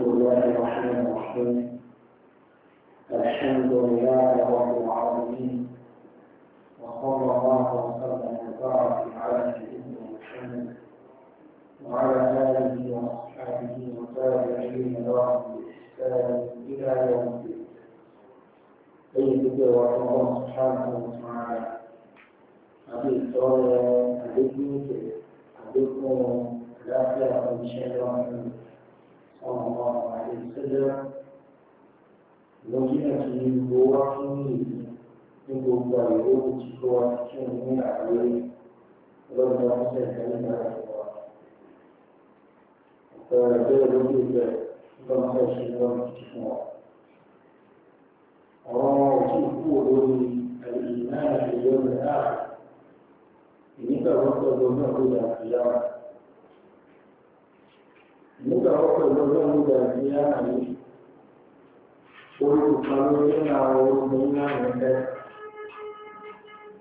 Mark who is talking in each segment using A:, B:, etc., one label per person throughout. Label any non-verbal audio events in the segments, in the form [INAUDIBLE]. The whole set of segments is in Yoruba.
A: بسم الله الرحمن الرحيم الحمد لله رب العالمين وصلى الله وسلم وبارك على سيدنا محمد وعلى اله واصحابه وتابعين لهم باحسان الى يوم الدين سيدي الله سبحانه وتعالى أبي صالح أبي موسى أبيكم الأخلاق إن شاء 哦，啊，其实我现在是比我以前能够做的多的多，天天的，我都是在学习的多。呃，这个东西是，你不能说一两句就完。哦，我从不都是，哎，你奶奶，你爷爷，你这工作做出来比较。nígbà ọ̀pọ̀ ìlọ́gbọ́n nígbà tí a nà ní olùkọ́ lórí àwọn olùkọ́ ńlá rẹ̀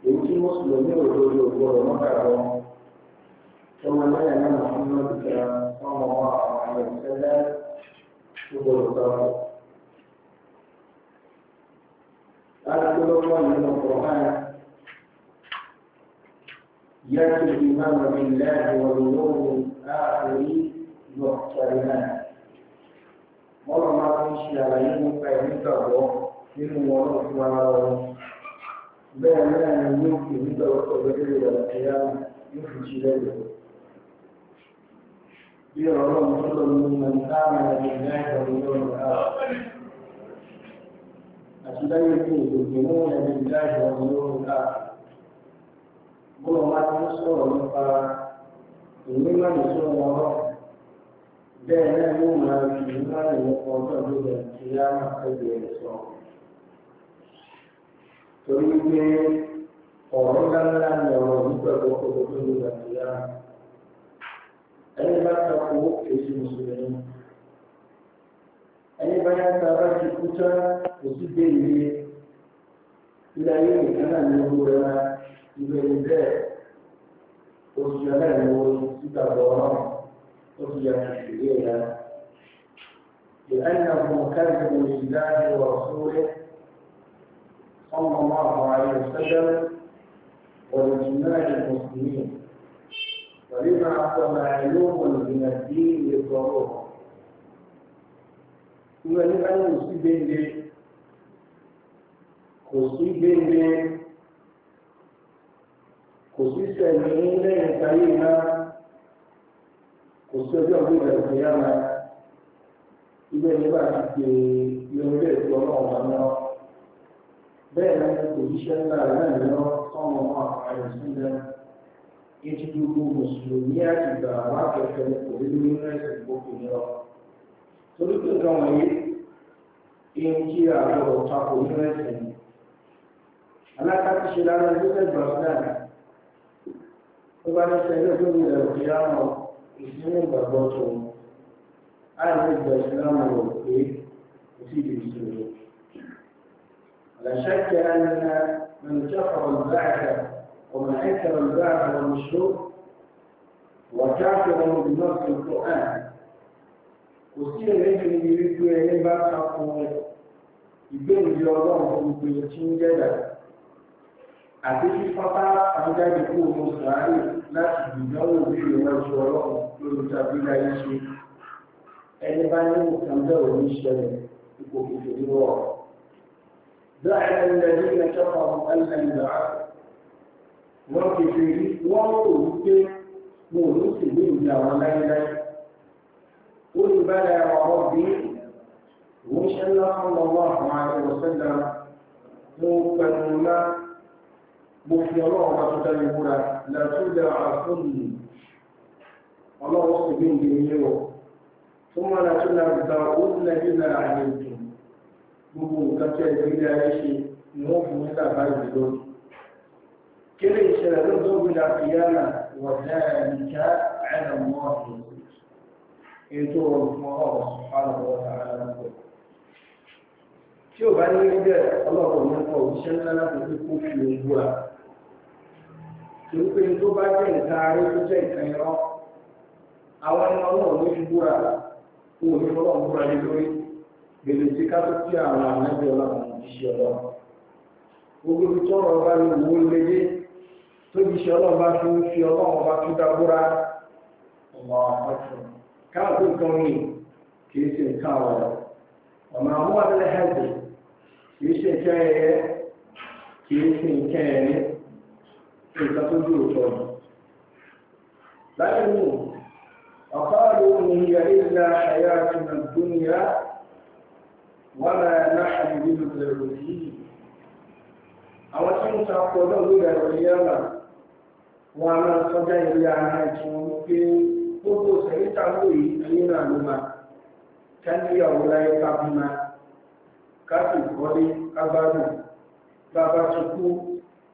A: èyí tí mùsùlùmí òdodo gbọdọ̀ mọ́kàlọ́ ọmọ náà náà muhammadu kẹrẹ ọmọ àwọn àyẹ̀sẹ́lẹ̀ gbọdọ̀ sọ̀rọ̀. láti lọ́pọ̀ nínú ọ̀hán يأتي الإمام بالله ونوره آخرين محترمان mọ́rọ̀ máa fi ṣe àlàyé nípa ìnígbàgbọ́ nínú wọn náà fún ara wọn bẹ́ẹ̀ náà ni yóò fi ìnígbàgbọ́ pẹ̀lú ẹgbẹ́ rẹ̀ ẹ̀yà yóò fi ṣe lẹ́yìn bí ọ̀rọ̀ náà ní mọ̀ntáàmà ẹ̀yìn ìgbàgbọ́ bẹ́ẹ̀ náà yóò máa fi láì wọ́pọ̀ náà ló lọ sí yára ẹgbẹ́ sọ. torí pé ọ̀rọ̀ ńláńlá ni ọ̀rọ̀ nígbà tó kọ́ tó ló lọ sí yára. ẹni bá takò èsì mùsùlùmí. ẹni bá yá ta bá ti kú tán kò sí dé ilé. ilé ayé nìkan náà ní owó rẹ̀ ìgbẹ́ni bẹ́ẹ̀ oṣù náà ní owó síta lọ́rùn. حجة كبيرة لأنه كذب لله ورسوله صلى الله عليه وسلم ولجماع المسلمين
B: ولما
A: هو معلوم من الدين للضرورة ìwé nípa ní kò sí gbéǹde kò sí gbéǹde kò ọdún ìbẹ̀rẹ̀ tó yá máa ilé ẹni ṣe yorùbá ètò ọlọ́run wa náà bẹ́ẹ̀ ni kò yíṣẹ́ ńlá rẹ̀ náà lọ sọ́run náà àyè sílẹ̀ ètò gbogbo mùsùlùmí àtìgbà wà kẹfẹ́ kò rí nínú gbogbo ní lọ. torí pé nǹkan wọ̀nyí
B: ìhun kí àgbọ̀rọ̀ takò nínú ẹ̀sìn
A: ni. alákàtúnṣe lára ẹgbẹ́ gbọ̀ngàn náà bá ní sẹ́yìn lójú ìrẹ̀lẹ̀ òkè ìsinmi ìgbàgbọ́ tó ń àìsí ìgbà ìsìlámù rò pé kò sí ìdí ìṣòro. لا شك أن من كفر البعث ومن أنكر البعث والنشور وكافر بنص القرآن وسيلة لكن يريد أن يبقى حقوقه ìgbéni di ọlọ́run gbogbo èyí tí ń jẹ́dà
B: àti fífọ́tà àbújáde kúrò ní sàárè láti ìdánwò bí ìwájú ọlọ́run lórí tàbí láyé ṣe ẹni bá ní nǹkan bẹ́ẹ̀ ò ní ṣẹlẹ̀ ipò kìkì
A: ní wọ̀. dáhà ìlẹ́dí ìlẹ́kẹ́kọ̀ọ́ ẹ̀lẹ́ ìgbà
B: wọn kìkì rí wọ́n rò wípé mo ò ní sì ní ìgbà wọn láyéláyé. ó ní bẹ́ẹ̀ ọ̀rọ̀ bí òun ṣe ń lọ́kàn
A: lọ́wọ́ àwọn àìwọ̀sẹ́gbà mo pẹ̀lú náà mo
B: fi ọlọ́run bá tó dáyé múra látúndà àfúnnù ọlọ́run sì bí ìgbé yé wọ tó máa látúndà gba òun lẹ́yìn náà àyè ìtò gbogbo nǹkan tí ẹgbẹ́ ilé ayé ṣe ni wọ́n fi mẹ́ta bá ìdúró kéré ìṣẹ̀lẹ̀ ló tó gbé láfíyànà wọ̀dá ẹ̀nìkà ẹ̀nàmọ́ ọ̀hún ètò ọ̀gbọ̀n ọ̀hún ọ̀hún tí ò bá ní rí ọlọ́pàá mẹ́fà òṣìṣẹ́ ńlá láti fi kó fi òun búra kì í pé tó bá jẹ́ nǹkan aré tó jẹ́ nǹkan irọ́ àwọn ẹni ọlọ́run kó o ní ọlọ́run búra lé lórí gbèlè tí ká tó kí àwọn àmẹ́bí ọlọ́run jíṣẹ́ ọlọ́run gbogbo ibi tí ọ̀rọ̀ bá lè wó lédè tó jíṣẹ́ ọlọ́run bá fi ń fi ọlọ́run bá tún káàkó nǹkan mi kì í ṣe nǹkan ọ̀rọ̀ àwọn abẹ́lẹ́ hẹ́ẹ̀dì kì í ṣe nǹkan ẹ̀yẹ kì nǹkan tó dúró tọ́ ọ. láyé mú ọ̀páàlú òmìnira ìlà àyà àtúnà dúnìyà wà láyà náà nínú ìrẹ̀lú yìí. àwọn tí ń ta ọkọ̀ náà ló yàrá ìyáàmà wọn a máa sọjá ìlú ara ìtumọ̀ wípé gbogbo sẹ̀yìntà lóyè ayé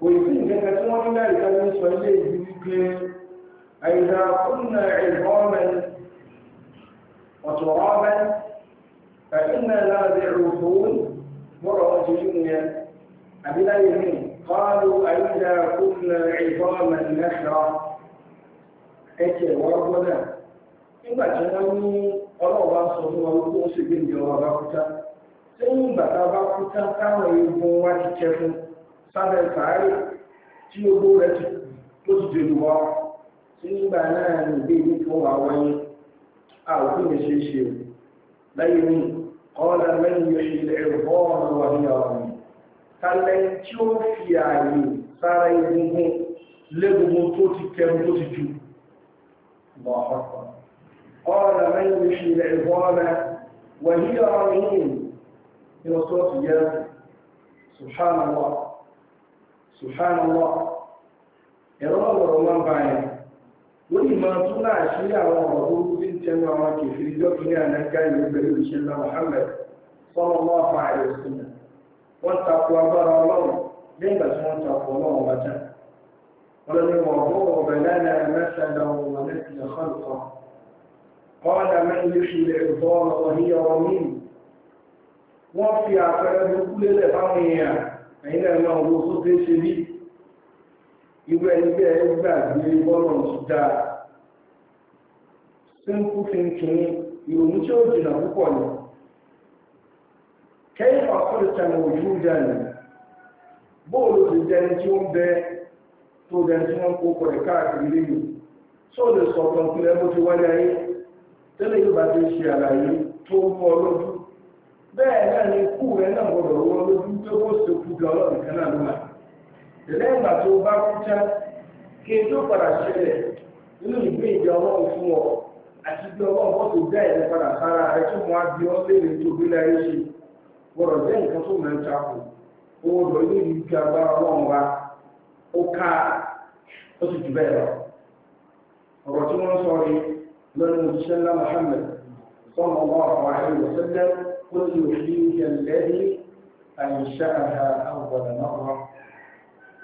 B: kò sí ìgbẹ́ta tí wọ́n nílá ìtàlẹ́ sọ ilé ìlú wípé àìdá kúnnà ìbọ́mẹ́n ọ̀tọ̀rọ̀mẹ́n fàínà láti rùfún mọ́rọ̀ wọn ti rí nìyẹn àbíláyé ní kọ́lù àìdá kúnnà ìbọ́mẹ́n lẹ́ṣọ́ ẹ̀kẹ́ wọ́n gbọ́dọ̀ nígbà tí sábẹ́ sàárè tí ogbó rẹ̀ ti tó ti dèrò wá sí nígbà náà ní ìgbé ìlú tó wà wáyé àwòkí ní ṣe ṣe o lẹ́yìn ní ọ̀la lẹ́yìn yóò ṣe ilẹ̀ ẹ̀rọ ọ̀rọ̀ wà ní ọ̀rọ̀ kalẹ̀ tí ó fi ààyè sára egungun légungun tó ti kẹrù tó ti ju subhanallah ẹ̀rọ ọ̀rọ̀ wọn bá yẹn lórí ìmọ̀ tún náà ṣe àwọn ọ̀rọ̀ tó ti ń tẹnu àwọn kẹfìrí jọ́kìnrí ànágá ìlú pẹ̀lú ìṣẹ̀lá Muhammad sọ́nà wọn fa àyè sínú wọ́n takò agbára ọlọ́run nígbà tí wọ́n takò ọlọ́run wá wọ́n ní wọ́n bọ́ ọ̀bẹ̀ lánàá mẹ́sàn-án wọn lẹ́sìn ẹ̀kọ́ قال من يحيي العظام وهي رميم وفي عقرب ẹ̀yìn náà máa wo tó tẹ́ ṣe rí irú ẹni bẹ́ẹ̀ gbàgbé bọ́lọ̀ ti dá simple thinking ìrònú tí ó jìnà púpọ̀ ni kẹ́yìn ọ̀pọ̀lọpọ̀ ní ojú ìdáni bóòlù ti jẹni tí ó ń bẹ tó jẹni tí wọ́n kó pọ̀ káàkiri lẹ́yìn tí ó lè sọ̀tàn pínlẹ̀ bó ti wáyé ayé tẹ́lẹ̀ yóò bá ti ṣe àlàyé tó ń bọ́ lójú bẹ́ẹ̀ náà ni ikú rẹ̀ náà gbọdọ̀ wọ́n lójú pé ó ṣe kú jọ ọlọ́run kan náà lọ́la tẹ̀lé ìgbà tó bá kú já kí n tó padà ṣẹlẹ̀ nínú ìgbé ìjà ọlọ́run fún ọ àti bí ọlọ́run bọ́ tó dá ìlú padà sára rẹ tó ọ léèrè tó gbé láyé ṣe gbọdọ̀ jẹ́ nǹkan tó mọ̀ lọ agbára ọlọ́run wa ó ká قل يحييها الذي أنشأها أول مرة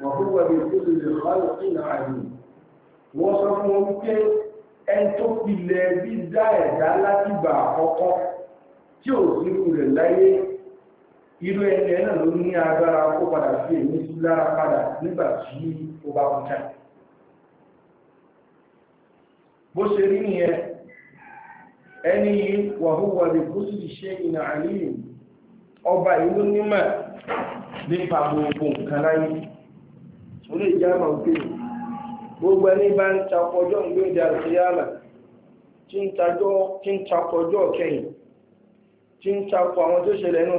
B: وهو بكل خلق عليم وصفهم ẹn tó pilẹ̀ dídá ẹ̀dá látìgbà àkọ́kọ́ tí ò sírù rẹ̀ láyé irú ẹni ẹ̀nà ló ní agbára kó padà sí èmi sí lára padà nígbà tí ó bá kúta bó ṣe rí nìyẹn ẹni yìí wàhúwà lè kó sì ṣe ìnà àlìyìn ọba ìlú nímọ̀ nípa gbogbo nǹkan láyé ó lè gbogbo ẹni bá ń takọjọ́ ń gbé ìdá àṣeyàmà tí ń takọjọ́ kẹyìn tí ń takọ àwọn tó ṣẹlẹ̀ nù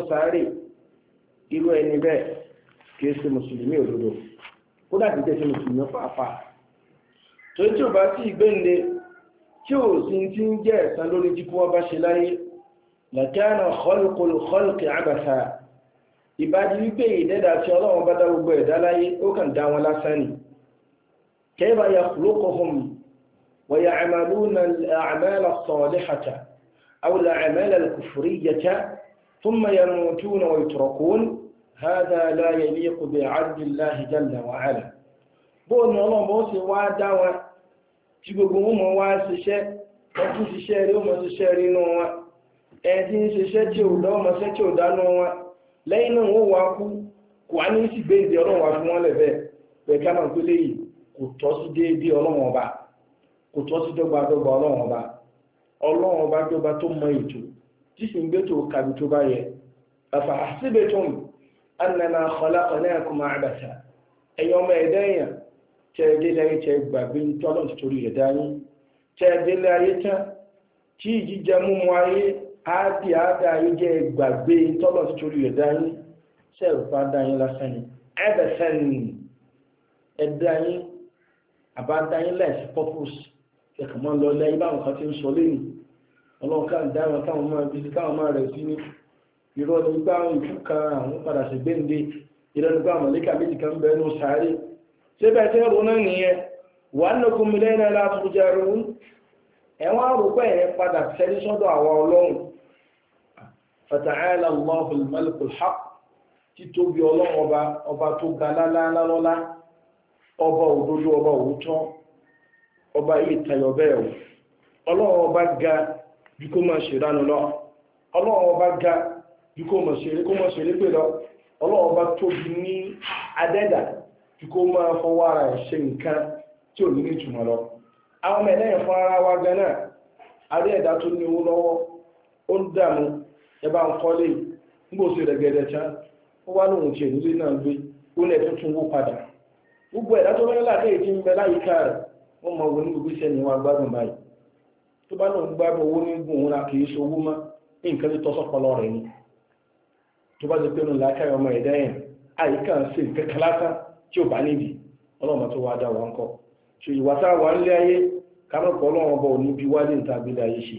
B: irú ẹni bẹ́ẹ̀ ṣe mùsùlùmí òdodo kódà tí ò sí tí ń jẹ́ ẹ̀san lórí jíkú ọba ṣe láyé làkánà kọlùkọlù kọlùkì àbàṣà ìbájú wípé ìdẹ́dà tí ọlọ́run bá dá gbogbo ẹ̀dá láyé ó kàn dá wọn lásán ni kẹ́bà ya kùlókòhùn wàyà àmàlú na àmàlà sọ̀ọ́lẹ́hàtà àwùlà àmàlà kùfùríyàtà tí gbogbo nwaa mọ̀ wá ṣiṣẹ́ ni ṣiṣẹ́ rí ọmọ ṣiṣẹ́ rí inú wọn ẹni tí ń ṣiṣẹ́ tí ò dá ọmọ ṣiṣẹ́ tí ò dá nú wọn lẹ́yìn náà wọ́n wá kú kò á ní sí gbèǹde ọlọ́run wá fún wọn lẹ́fẹ̀ bẹ́ẹ̀ ká máa gbélé yìí kò tọ́ sí ọlọ́run ọba kò tọ́ sí ọlọ́run ọba ọlọ́run ọba dọ́gba tó tẹ́ ẹ délé ayé tẹ́ ẹ gbàgbé ní tọ́lọ̀ torí rẹ̀ dání tẹ́ ẹ délé ayé tán tí ìjíjẹ múmu ayé áàdì áàdà ayé jẹ́ ẹ gbàgbé ní tọ́lọ̀ torí rẹ̀ dání tẹ́ ẹ bá dání lásán ni ẹ̀bẹ̀ sẹ́ni ẹ̀dá yín àbá dání láìsí purpose ẹ̀kàn máa àwọn ìfúkà àwọn padà sí gbéǹde irọ́ àwọn mọ̀lẹ́kà méjì kan bẹ́ẹ̀ sáré síbẹ̀ tí ẹrù náà nìyẹn wà nnukwu mi lẹ́yìn láti jẹ́ ẹ̀wọ̀n àrùpẹ́ yẹn padà sẹ́ni sọ́dọ̀ àwọn ọlọ́run fata'ala Allahul malikul haq ọba tó ọba ọba ọba ju kó máa fọwọ́ ara ẹ̀ nǹkan tí ò ní ní lọ àwọn ọmọ ẹ̀lẹ́yìn fún ara wa gan náà adé ẹ̀dá tó ní owó lọ́wọ́ ó ń dààmú ẹ bá ń kọ́lé nígbòsí ó wá lóhun náà gbé ó tuntun wó padà gbogbo ẹ̀dá tó ń bẹ láyìíká rẹ̀ wọ́n mọ ní gbogbo iṣẹ́ ni gbádùn báyìí tó bá owó ni tó bá ti nù ọmọ tí ò bá níbi ọlọ́mọ tó wáá dá kọ́ ṣe ìwà tá a wà ayé kámọ́pọ̀ ọlọ́run ọba òní bí wálé níta gbélé ayé ṣe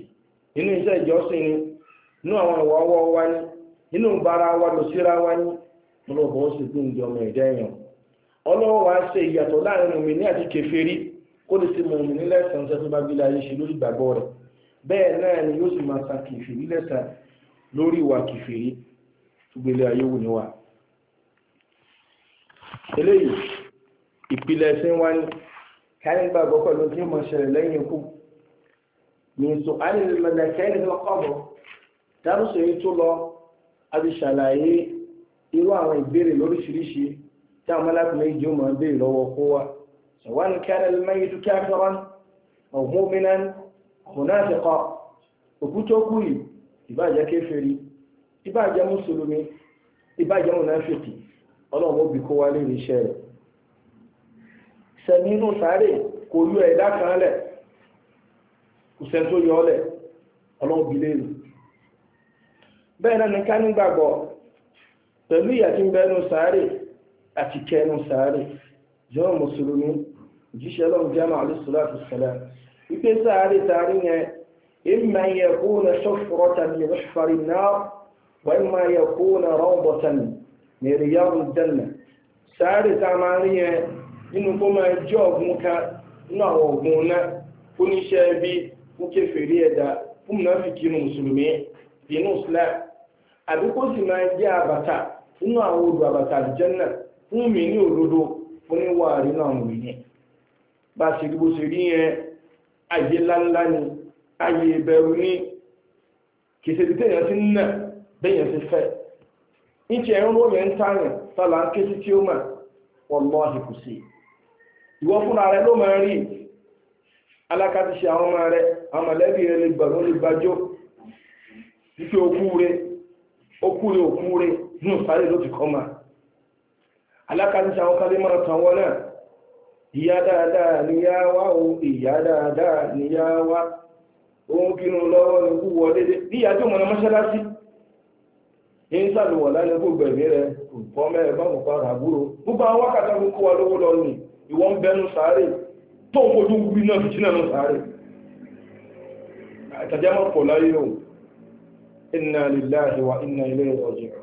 B: nínú iṣẹ́ ìjọsìn ni nínú àwọn ìwà ọwọ́ wa ni nínú ìbára wa lọ síra wa ni ọlọ́ọ̀bọ̀ ó sì ẹ̀dá èèyàn ọlọ́wọ́ wa ṣe ìyàtọ̀ láàrin àti kó lè ṣe bá gbélé ayé ṣe lórí ìgbàgbọ́ rẹ̀ bẹ́ẹ̀ náà ni eléyìí ìpìlẹ̀ ẹ̀sìn wa ni káyọ̀ gbàgbọ́ pẹ̀lú tí mo ṣẹlẹ̀ lẹ́yìn ikú mi sọ alìlẹ̀mẹ̀lẹ̀kẹ́ni lọ́kọ̀bọ̀ dárúsọ yìí tó lọ a ti ṣàlàyé irú àwọn ìbéèrè lóríṣiríṣi tí àwọn alákùnrin ìjọ máa ń béèrè lọ́wọ́ kó wa sọ̀wọ́n ní káyọ̀ lẹ́mẹ̀yìn tó káfíọ́rọ́ ọ̀hún mi náà ọ̀hún náà ti kọ́ òkú tó kú yìí ìbá jẹ́ kéferì mùsùlùmí ìbá jẹ́ mùnáfìkì ọlọ́run ó bí kó wá lérí iṣẹ́ rẹ̀ sẹ̀mí inú sáré kò yọ ẹ̀dá kan lẹ̀ kò sẹ́ tó yọ lẹ̀ ọlọ́run bí lérí bẹ́ẹ̀ náà ní ká nígbàgbọ́ pẹ̀lú ìyà tí ń bẹ nínú sáré àti kẹnu sáré jọ̀ọ́ mùsùlùmí jíṣẹ́ sẹ́lẹ̀ wípé sáré sáré yẹn ní ya Janna sáré tá a máa rí yẹn inu kó máa jẹ́ ọ̀gbun na nínú àwọn ọ̀gbun náà fún iṣẹ́ bí kuma na fi fún mùnáfíkì nínú mùsùlùmí nínú Islam abata kó sì abata jẹ́ mi ní òdodo fún níwà nínú àwọn òmìnir bá rí yẹn ayé láńlá ni ayé ti ti iche nrọ onye ntaarị tala nkesi tí ó mà wallahi kò ìwọ fúnra ló máa rí alákàtí ṣe àwọn ọmọ rẹ rẹ lè gbàjọ rẹ rẹ rẹ ló ti mà alákàtí ṣe àwọn kálí máa tàn wọn náà ìyá dáadáa o ń sàlùwọ̀ lálẹ́ kó gbẹ̀mí rẹ̀ nǹkan mẹ́rẹ̀ bá mọ̀ pa àbúrò gbogbo àwọn wákàtí àwọn kó wa lówó lọ nì ìwọ ń bẹnu sáré tó ń fojú wí náà fi jìnnà náà sáré àtàjá mọ̀ pọ̀ láyé o inna lillahi wa inna ilayhi raji'un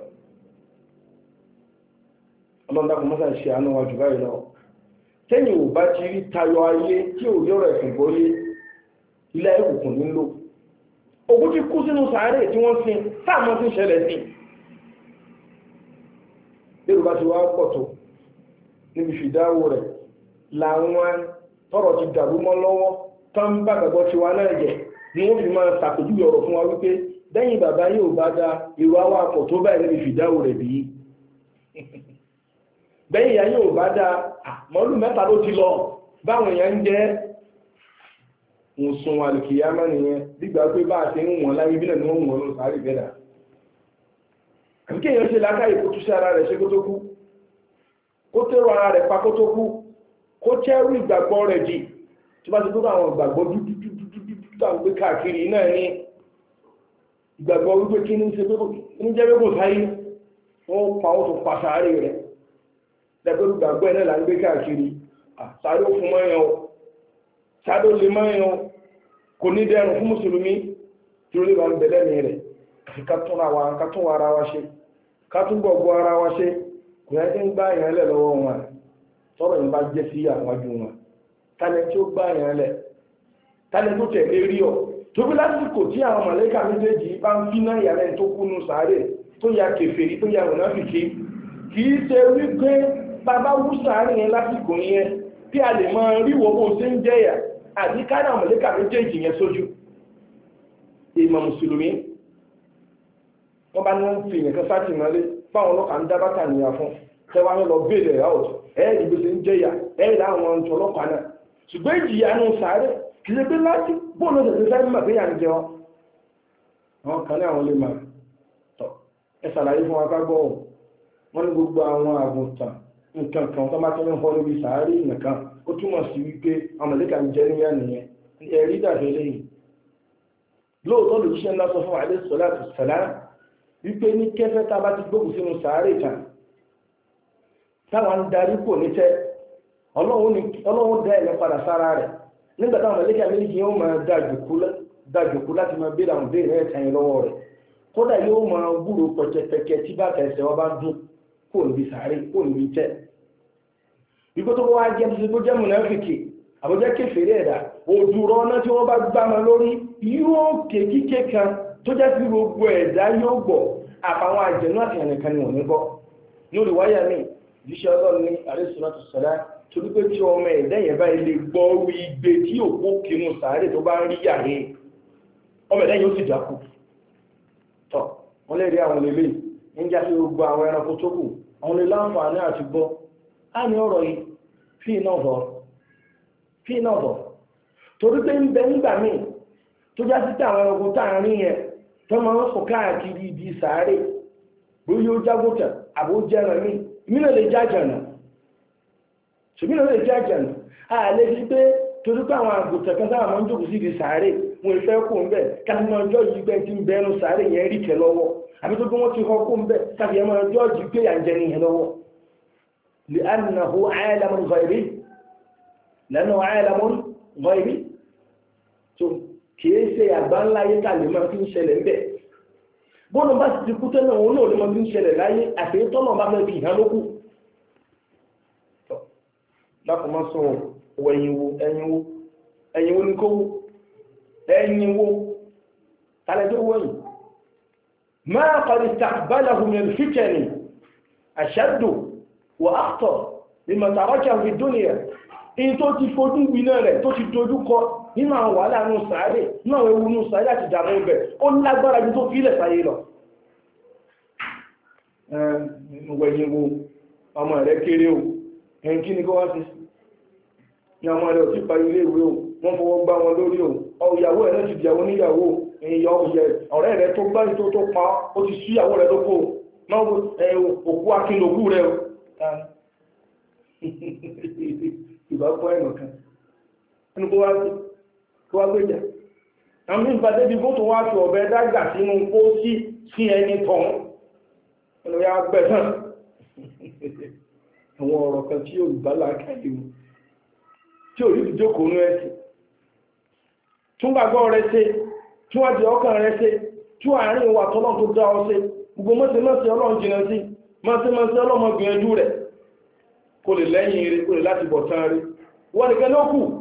B: ọlọ́dàkùn mọ́sá ṣe àánú wa jù báyìí náà tẹ́yìn ò bá ti rí tayọ ayé tí ò yọ́rọ̀ ẹ̀sìn gbọ́yé ilé ẹ̀kùnkùn nílò ògùn ti kú sínú sàárè tí wọ́n sin sáàmọ́ tí ṣẹlẹ̀ sí lérò bá ti wá pọ̀ tó níbi fìdáwò rẹ̀ làwọn tọrọ ti dàrú mọ́ lọ́wọ́ tán bá gbàgbọ́ tiwa náà jẹ ni wọ́n fi máa ṣàpèjúwe ọ̀rọ̀ fún wa wípé lẹ́yìn bàbá yóò bá da ìwà wa pọ̀ tó báyìí níbi fìdáwò rẹ̀ bí [LAUGHS] bẹ́yìn ìyá yóò bá da mọ́lù mẹ́ta ló ti lọ báwọn èèyàn ń jẹ́ ń sun àlùkìyámà nìyẹn dígbà pé bá a ti ń wọ̀n láyé bí náà àbí kéèyàn ṣe lákàyè kó túṣe ara rẹ̀ ṣe kó tó kú kó tẹ́rọ ara rẹ̀ pa kó tó kú kó tẹ́rù ìgbàgbọ́ rẹ̀ jì tí bá ti gbogbo àwọn ìgbàgbọ́ dúdúdúdúdúdú táwọn gbé káàkiri náà ní ìgbàgbọ́ wípé kí ní ṣe ní jẹ́ gbogbo sáyé wọ́n pa ó tó pa sáré rẹ̀ lẹ́gbẹ̀rún ìgbàgbọ́ ẹ̀ náà là ń gbé káàkiri sáré ó fún mọ́yàn sáré ó lè mọ́yàn kò ká túbọ̀ bọ́ ara wa ṣe kò yẹ kí ń gbá ìyẹn lẹ̀ lọ́wọ́ wọn tọ́rọ̀ yìí bá jẹ́ sí àwájú wọn tálẹ̀ tí ó gbá ìyẹn lẹ̀ tálẹ̀ tó tẹ̀lé rí ọ̀ tóbi lásìkò tí àwọn mọ̀lẹ́kà méjèèjì bá ń fínà ìyàlẹ́ tó kúnnú sáré tó ya kèfèrí tó ya mọ̀náfìkì kì í ṣe wípé bàbá wú sáré yẹn lásìkò yẹn bí a lè máa rí wọ́n bó ṣe ń jẹ́yà àbí káàdà mọ̀lẹ́kà méjèèjì yẹn sójú ìmọ̀ mùsùlùmí wọ́n bá ní wọ́n fi ìyẹn kan sáàtì mọ́lé báwọn ọlọ́pàá ń dábàá tà níyà fún tẹ́wọ́n á lọ béèrè ẹ̀ ọ̀tọ̀ ẹ̀ẹ́dì gbèsè ń jẹ́yà ẹ̀ẹ́dì àwọn ọ̀tọ̀ ọlọ́pàá náà ṣùgbọ́n ìjìyà nù sáré kì í pé láti bóòlù tẹ̀sẹ̀ sáré mà pé yà ń jẹ ọ́ àwọn kan ní àwọn lè mà tọ̀ ẹ ṣàlàyé fún wa ká gbọ́ wọn ní gbogbo àwọn àgùntàn wípé ní kẹfẹ́ tá a bá ti gbókùn sínú sàárè ìtàn táwọn ń darí kò ní tẹ́ ọlọ́run dá ẹ̀mí padà sára rẹ̀ nígbà táwọn méjì yóò máa dájòkú láti máa béèrè àwọn béèrè lọ́wọ́ rẹ̀ kódà yóò máa gbúrò tí bá tẹ̀sẹ̀ ọba kò níbi sàárè kò níbi tẹ́ tó wá tó jẹ́ sí gbogbo ẹ̀dá yóò gbọ́ àpàwọn àjẹ̀nú àti ẹ̀nìkan ni wọ́n ní gbọ́ lórí wáyà mi jíṣẹ́ ọlọ́run ní àrísìmọ́tò sọ́dá torí pé tí ọmọ ẹ̀dá yẹn bá ilé gbọ́ orí igbe tí òkú kinu sàárè tó bá ń rí yàrá ọmọ ẹ̀dá yẹn ó sì dákú tọ́ wọ́n lè rí àwọn lélẹ̀ ń já sí gbogbo àwọn ẹranko tó kù àwọn lè láǹfààní àti gbọ́ á ọ̀rọ̀ yìí fi iná bọ̀ torí pé ń bẹ nígbà míì tó já sí tí ẹranko tá ń rí yẹn tó máa ń fò káàkiri ibi sàárè bóyá ó jágòtàn àbó jẹ́ràn mí ìmínà lè jájànà ṣùgbínà lè jájànà a lè fi pé torí pé àwọn àgùntàn kan sáà máa ń jókòó sí ibi sàárè wọn ìfẹ́ kó ń bẹ̀ káfí yìí gbẹ́ tí ń bẹ́nu sàárè yẹn rí kẹ lọ́wọ́ àbí tó bí ti kọ́ ń bẹ̀ káfí yìí kìí ṣe àgbà ńlá ayé kàlè máa fi ń ṣẹlẹ̀ ń bẹ̀. bọ́ọ̀nù bá ti kú tẹ́lẹ̀ òun náà ló máa fi ń ṣẹlẹ̀ láyé àtẹ̀yìn tọ́nà bá fẹ́ fi ìhán lókù. lápò máa sọ wọ ẹ̀yìn wo ẹ̀yìn wo ẹ̀yìn wo ni tó wọ̀ máa kọ́ni tàbálà hùmẹ̀ fìkẹ́ni àṣàdù wà áàtọ̀ ìmọ̀tàrọ́kẹ́ nínú àwọn wàhálà ní sàárè nínú àwọn ewu ní sàárè àti ìdàmú ibẹ̀ ó lágbára ju tó fílẹ̀ sáyé lọ ẹ̀yìn wo ọmọ rẹ̀ kéré o ẹ̀yìn kí ni kó wá sí ní ọmọ rẹ̀ òtí o wọ́n fọwọ́ gbá wọn o ọ̀yàwó ẹ̀ náà ti dìyàwó níyàwó èèyàn òyẹ̀ ọ̀rẹ́ rẹ̀ tó gbá tó tó pa ó ti síyàwó rẹ̀ lóko òkú akínlòkú rẹ̀ o [LAUGHS] ìbá fọ́ ẹ̀nà tó wá gbé jẹ àwọn ìpàdé bí bóòtù wá fi ọ̀bẹ dágbà sínú kó sí sí ẹni ya gbẹ̀sán [LAUGHS] àwọn ọ̀rọ̀ kan tí Yorùbá làákàyè mu tí òrí ti jókòó nú ẹsẹ̀ tún gbàgbọ́ rẹ ṣe tún ọkàn rẹ ṣe tún àárín ìwà tọ́lọ́ tó dá ọ ṣe gbogbo ọlọ́run jìnà sí rẹ̀ kò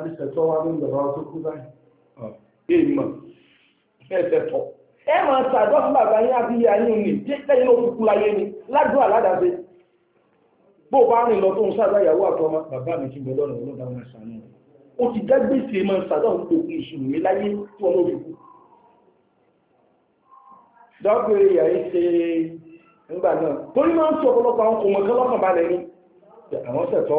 B: àdìsẹ̀tọ́ wa ní ìgbàgbà tó kú báyìí èyí mọ̀ ẹ̀ẹ́sẹ̀tọ̀ ẹ máa ṣàdọ́ fún bàbá yín àti ìyá yín ni lẹ́yìn ló fi kú láyé ni ládùn àládàáṣe bó bá rìn lọ tó ń ṣàdá ìyàwó àtọmọ bàbá mi ti bẹ̀rẹ̀ ọ̀nà ọlọ́dà wọn ṣàánú ó ti dá gbèsè máa ṣàdọ́ fún òkú ìṣirò mi láyé tí wọn ló fi kú. dọ́pẹ́ ìyá yìí ṣe nígbà náà torí máa ń sọ ọ̀pọ̀lọpọ̀ àwọn kò mọ̀ kẹ́lọ́kàn balẹ̀ ni àwọn ṣẹ̀tọ́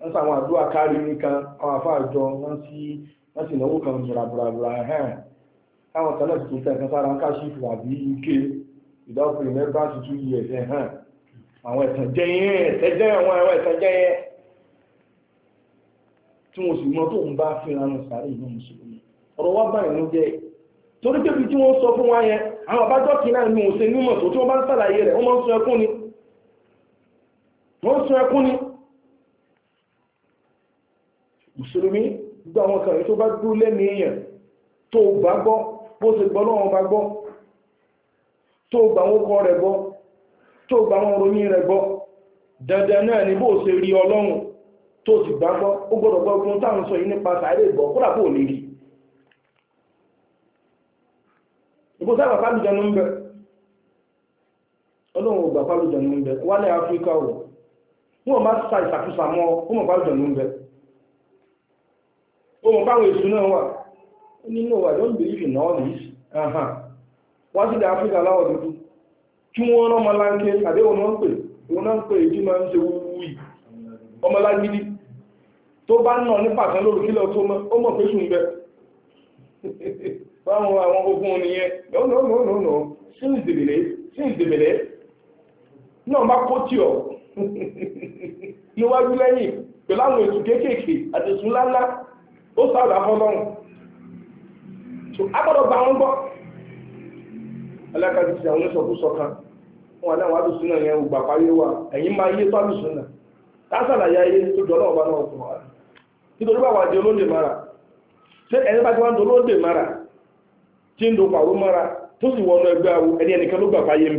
B: wọ́n sàwọn àdúrà kárí nìkan àwọn àfáàjọ wọ́n sí wọ́n sì náwó kan bùràbùràbùrà hàn káwọn kan náà sì tún tẹ̀kan sára ń káṣí ìfò àbí ike ìdáwọ́pẹ̀ remembrance two years ẹ̀ hàn àwọn ẹ̀tàn jẹ́ yẹn ẹ̀tẹ́ jẹ́ àwọn ẹ̀rọ ẹ̀tàn jẹ́ yẹn tí wọ́n sì mọ tó ń bá fínran sàárè ìlú mùsùlùmí ọ̀rọ̀ wá báyìí ló jẹ́ torí pé tí wọ́n sọ fún wa yẹn àwọn àbájọ́ kì náà ní òun ṣe nímọ̀ tó tí wọ́n bá ń sàlàyé rẹ̀ wọ́n máa ń sun ẹkún ni wọ́n sun mùsùlùmí gbọ́ àwọn kan rẹ̀ tó bá dúró lẹ́nu èèyàn tó bá gbọ́ bó ṣe gbọ́ lọ́wọ́ bá gbọ́ tó gbà wọn kọ́ rẹ̀ gbọ́ tó gbà wọn ròyìn rẹ̀ gbọ́ dandan náà ni bó ṣe rí ọlọ́run tó sì gbà gbọ́ ó gbọ́dọ̀ gbọ́ ogun táwọn sọ yìí nípa sàárè gbọ́ kódà bó lè rí ìbò sábà pálùjẹnu ń bẹ ọlọ́run ò gbà pálùjẹnu ń bẹ wálẹ̀ áfíríkà ò wọ́n bá sa ìsàkúsà mọ́ ọmọ pálùjẹnu ń ohun báwọn èsù náà wà nínú wà don't believe in all this wọ́n sì dá áfíríkà láwọ̀ dúdú kí wọ́n rán ọmọláńké àdéhùn náà pè òun náà pè èyí máa ń ṣe wúwú yìí tó bá ń nà ní pàtàkì lórí kílọ̀ tó mọ́ ó mọ̀ [LAUGHS] ó sáàdà fọ́lọ́run so agbọ́dọ̀ gba wọn gbọ́ alákàtí àwọn oníṣọ̀kúsọ kan wọn náà wà lùsùn náà yẹn ògbà parí wa ẹ̀yìn máa yé tó lùsùn náà tásàlà ya yé tó jọ náà bá náà fún wa nítorí bá wà di olóde mara ṣé ẹni bá ti wá ń do olóde mara tí ń do pàwó mara tó sì wọnú ẹgbẹ́ ẹni ẹnìkan ló gbà fáyé ń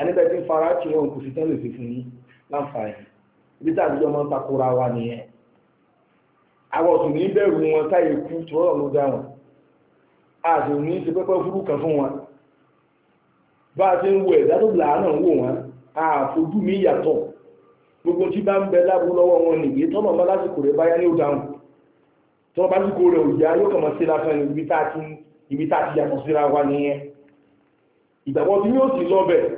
B: àníbẹ̀ tí ń fara tí wọn kò sí tán lè fi fún yín láǹfààní ibi tí àdúgbò máa ń takora wa nìyẹn àwọn ọ̀sùn ní bẹ̀rù wọn táyé kú tí wọ́n lọ dá wọn a sì ní ṣe pẹ́pẹ́ fúrú kan fún wọn bá a ti ń wo ẹ̀dá tó làánà ń wò wọn a fojú mi yàtọ̀ gbogbo tí bá ń bẹ lábú lọ́wọ́ wọn nìyí tọ́nà bá lásìkò rẹ̀ báyá ní ó dáhùn tọ́nà bá lásìkò rẹ̀ ò yá yóò kàn mọ́ sí lásán ibi tá a ti yàtọ̀ síra wa nìyẹn ìgbàgbọ́ tí yóò sì lọ bẹ́ẹ̀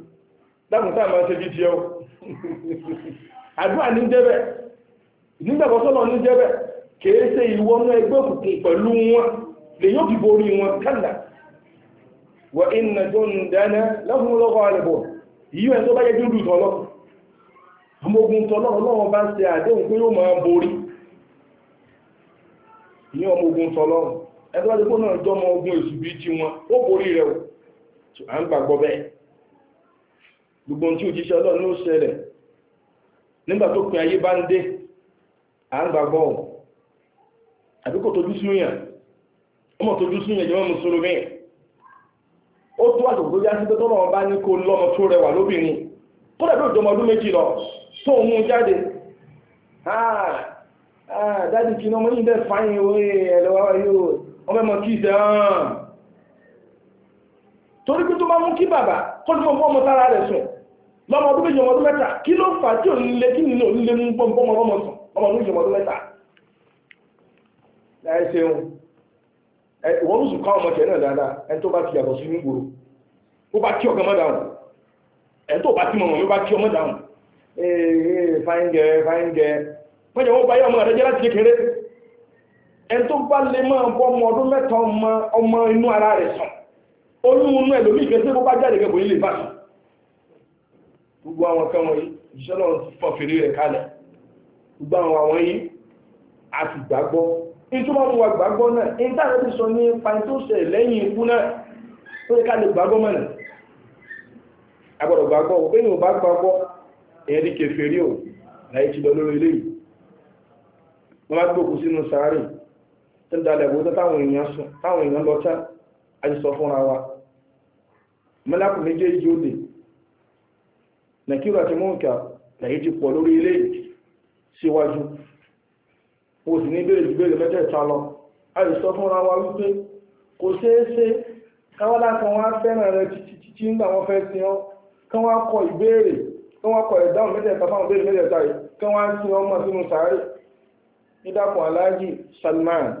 B: dákùn sáà máa ṣe bí tiẹ́ o àdúrà ní jẹ́bẹ̀ nígbàgbọ́ sọ́nà ní jẹ́bẹ̀ kìí ṣe ìwọ ní ẹgbẹ́ òkùnkùn pẹ̀lú wọn lè yóò fi borí wọn kálà wà iná tó ń dáná lọ́fún lọ́kọ̀ àlẹ́bọ̀ bá yẹ dúdú tọ́lọ́ ọmọ tọ́lọ́ ọlọ́wọ́ bá ṣe àdéhùn pé yóò máa ọmọ tọ́lọ́ ẹgbẹ́ náà jọmọ ogun èṣù ti wọn ó borí rẹ̀ à ń gbàgbọ́ bẹ́ẹ̀ gbogbo tí òjíṣẹ́ ọlọ́run ló ṣẹlẹ̀ nígbà tó pin ayé bá ń dé à ń gbàgbọ́ àbí kò tójú sínú yàn ọmọ tójú sínú yàn jẹ́wọ́n mùsùlùmí ó tó àjò tó yá sí pé tọ́lọ́ ọba ní kó lọ́mọ tó rẹwà lóbìnrin kó dàbí òjò ọmọ ọdún méjì lọ tó ń mú jáde ah, ah, dájú kí ni ọmọ yìí bẹ́ẹ̀ fáyín orí ẹ̀lọ́wọ́ yóò ọmọ ẹ̀mọ́ kí ìdán torí pé tó bá mú kí bàbá kó ní mọ́ ọmọ tára rẹ̀ sùn lọ́mọ ọdún méjì ọmọdún mẹ́ta kí ló fà tí òun lè kí nínú òun lè mú bọ́mọ ọmọ sùn ọmọ ọdún méjì ọmọdún mẹ́ta ẹ ṣeun ìwọ́n ló ee fáyíngẹ fáyíngẹ wọ́n jẹ́ wọ́n bá yá ọmọ rẹ̀ jẹ́ láti kékeré ẹni tó bá olúhunú ẹ̀lòmí ìgbésẹ̀ kó bá jáde gẹ́gbò ilé ìbáṣe gbogbo àwọn kan wọ̀nyí ìṣẹ́ náà ti fọ́ fèrè rẹ̀ kalẹ̀ gbogbo àwọn àwọn yìí a ti gbàgbọ́ ìtumọ̀ fún wa gbàgbọ́ náà ìtàrẹ́ ti sọ ní pàtóṣẹ̀ lẹ́yìn ikú náà tó yẹ ká lè gbàgbọ́ mọ̀nà agbọ́dọ̀ gbàgbọ́ òpé ní òbá gbàgbọ́ èyàn ní ò láyé ti lọ lórí eléyìí wọ́n bá gbòkú mọ́lákù méjèèjì ó dé nàkírò àti mọ́ǹkà làyé ti pọ̀ lórí ilé síwájú o sì ní bèèrè ìbèèrè mẹ́tẹ̀ẹ̀ta lọ a lè sọ fúnra wa wípé kò ṣeéṣe káwọ́lá kan wá fẹ́ràn rẹ títí nígbà wọn fẹ́ sin ọ́ kán wá kọ ìbéèrè kán wá kọ ìdáhùn mẹ́tẹ̀ẹ̀ta fáwọn béèrè mẹ́tẹ̀ẹ̀ta yìí kán wá sin ọmọ sínú sàárè nídàkùn aláàjì Salman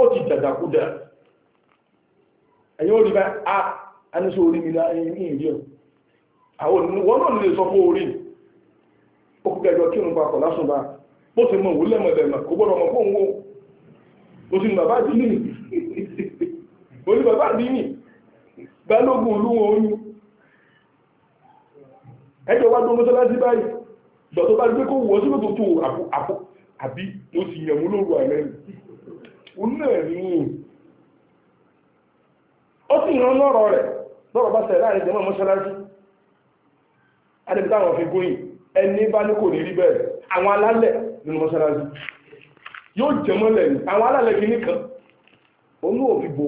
B: ó ti jàdàkúdà ẹ̀yìn orí bá ah, a aníṣẹ́ orí mi láàrin ní ìrí ọ̀ àwọn wọn náà lè sọ fún orí ó kú kẹjọ kírun papọ̀ lásùn bá bó ti mọ òwúlẹ̀ mọ̀lẹ̀mọ̀ kò gbọ́dọ̀ mọ̀ fóun wo ó ti ní bàbá àdínì ó ní bàbá àdínì balógun olúwo oyún ẹjọ́ wá dúró mọ́sálásí báyìí lọ́tọ́ bá gbé kó wọ́ sí lótòtò àbí mo sì yẹ̀mú lóru àmẹ́rin náà si yìn ó sì rán lọ́rọ̀ rẹ̀ lọ́rọ̀ bá sẹ̀ láàrin eni awọn ẹni bá ní kò ní rí bẹ́ẹ̀ àwọn alálẹ̀ nínú yóò àwọn alálẹ̀ kì ní kan olú òfìgbò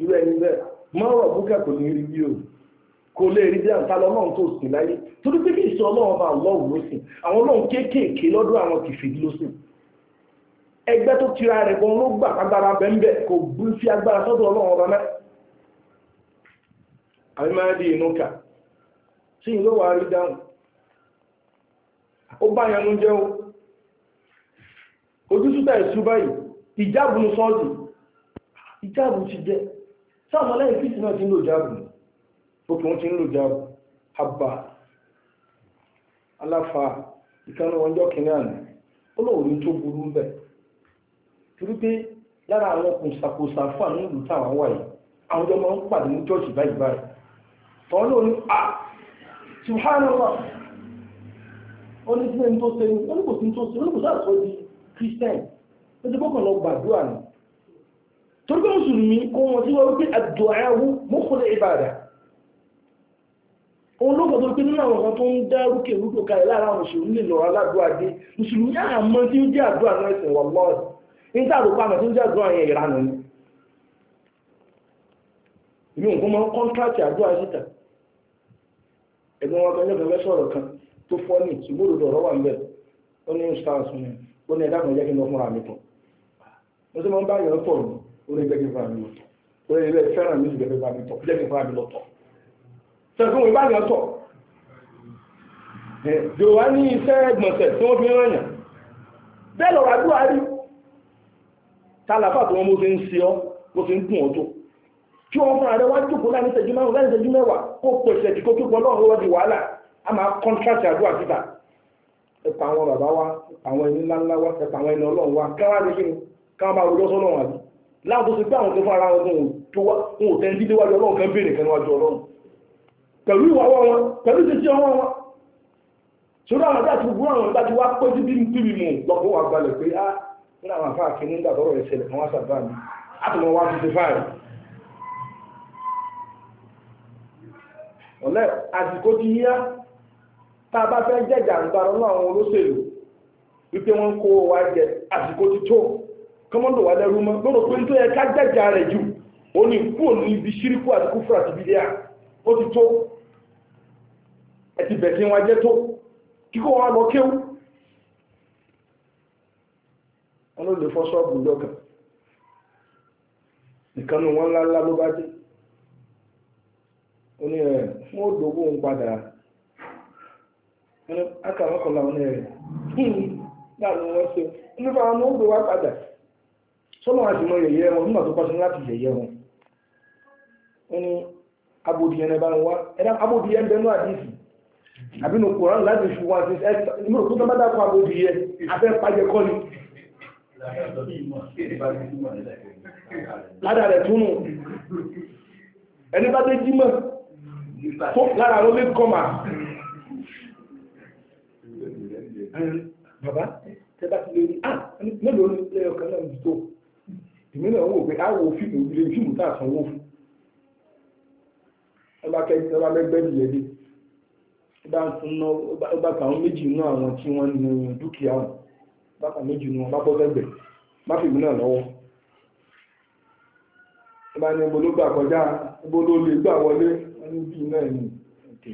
B: irú ẹni bẹ́ẹ̀ mọ́rọ̀ búkẹ́ kò ní rí bí o kò lè rí bí àǹtálọ́ ọlọ́run tó sì láyé ẹgbẹ́ tó tira rẹ̀ gan ló gbà agbára bẹ́ẹ̀ kò bú sí agbára sọ́dọ̀ ọlọ́run ọba náà àbí máa ìlú wà rí dáhùn ó bá yanú jẹ́ o ojútútà ìṣú báyìí ti jẹ́ sáàmù lẹ́yìn fíìsì náà ti ń lò jáàbù òkè wọn ti ń lò jáàbù àbà aláfa ìkànnì wọn jọ́ kìnìún ó lóòrùn tó burú torí pé lára àwọn kòsàkòsà fún àwọn ìlú táwọn wà yìí àwọn ọjọ́ máa ń pàdé ní jọ́ọ̀sì báyìí báyìí tọ́ ló ní à ah, subhanallah ó ní sílẹ̀ tó ṣe ó ní kò sí tó ṣe ó ní kò sáà sọ di christian ó ti bọ́kàn lọ gbàdúrà ni torí pé mùsùlùmí kó wọn sí òun ló gbọdọ̀ pé nínú àwọn kan tó ń dá rúkèrúdò kalẹ̀ lára àwọn mùsùlùmí lè lọ aládùá dé mùsùlùmí àmọ́ tí ó jẹ́ àdúrà náà ẹ̀sìn wà lọ́ọ̀dì nígbàdùkú àmọ̀ tí ń jẹ́ dùn àyẹ̀ ìranù ni inú nǹkan máa ń kọ́ńtráàtì àdúrà síta ẹ̀gbọ́n wọn kan ní ọ̀fẹ́ sọ̀rọ̀ kan tó fọ́ ní ṣùgbọ́n òdòdó ọ̀rọ̀ wà níbẹ̀ ó ní stars mi ó ní ẹ̀dá kan jẹ́ kí n lọ fúnra mi tán mo sì máa ń bá yẹn pọ̀ ní ó ní jẹ́ kí n fúnra mi lọ tán tálàfà tó wọ́n mú sí ń sí ọ́ ló fi ń gùn ọjọ́ kí wọ́n fún ààrẹ wájú kó láì tẹ́jú mẹ́rùn láì tẹ́jú mẹ́wàá kó pèsè ìdíkó tó gbọ́n lọ́rùn lọ́wọ́ di wàhálà a máa kọ́ntrátì àdúrà síta ẹ̀pà àwọn bàbá wa àwọn ẹni ńláńlá wa ẹ̀pà àwọn ẹni ọlọ́run wa káwá lè kí ni káwá máa rojọ́ sọ́nà wà bí láàbò sí pé àwọn tó fara wọn tó wá wọn ò tẹ́ ń dídé wájú ọlọ́run kan béèrè kan wájú ọlọ́run pẹ̀lú ìwà wọn pẹ̀lú nínú àwọn àfáà kí nígbà tọ́rọ̀ ìṣẹ̀lẹ̀ wọn àsìkò ti tá a bá fẹ́ jẹ́jà ń gbára ní àwọn olóṣèlú wípé wọ́n kó wa jẹ àsìkò ti tó kọ́mọ́ndò wà lẹ́rú mọ́ lọ́rọ̀ pé tó yẹ jẹ́jà rẹ̀ ibi ṣíríkù àti kúfúrà ó ti tó ẹ ti bẹ̀ sí wọn ló lè fọ́ ṣọ́ọ̀bù lọ́kàn nìkan nu wọn ńláńlá ló bá dé ó ní ẹ fún òdòwò ń padà akàwọ́kọ̀ làwọn ẹ̀ láàrin [LAUGHS] wọn ṣe nípa àwọn òdò wá padà sọ́nà àti mọ yẹ̀yẹ́ wọn nígbà tó pàṣẹ láti yẹ̀yẹ́ wọn ó ní abòdìyàn ẹ̀bá ń wá ẹ̀dá abòdìyàn bẹnu àdìsí àbínú kòrán láti fi wọn àti tó tọ́ bá dákọ̀ ládà rẹ̀ túnú ẹni bá dé jímọ̀ tó lára ló lé kọ́mà bàbá tẹ́bá ti lè rí à ah, mélòó ní lẹ́yọ̀ kan náà tó ìmí náà wò pé àwọ̀ ah, fíìmù ilé fíìmù tá àsanwó fún ọba kẹta mẹgbẹ́ nìyẹn ni ọba kan méjì náà àwọn tí wọ́n ní dúkìá wọn bákan méjì nu wọn bá bọ́ sẹ́gbẹ̀ má fìmí náà lọ́wọ́ tó bá ní ibodó gbà kọjá ibodó lè gbà wọlé wọn bí náà ní òkè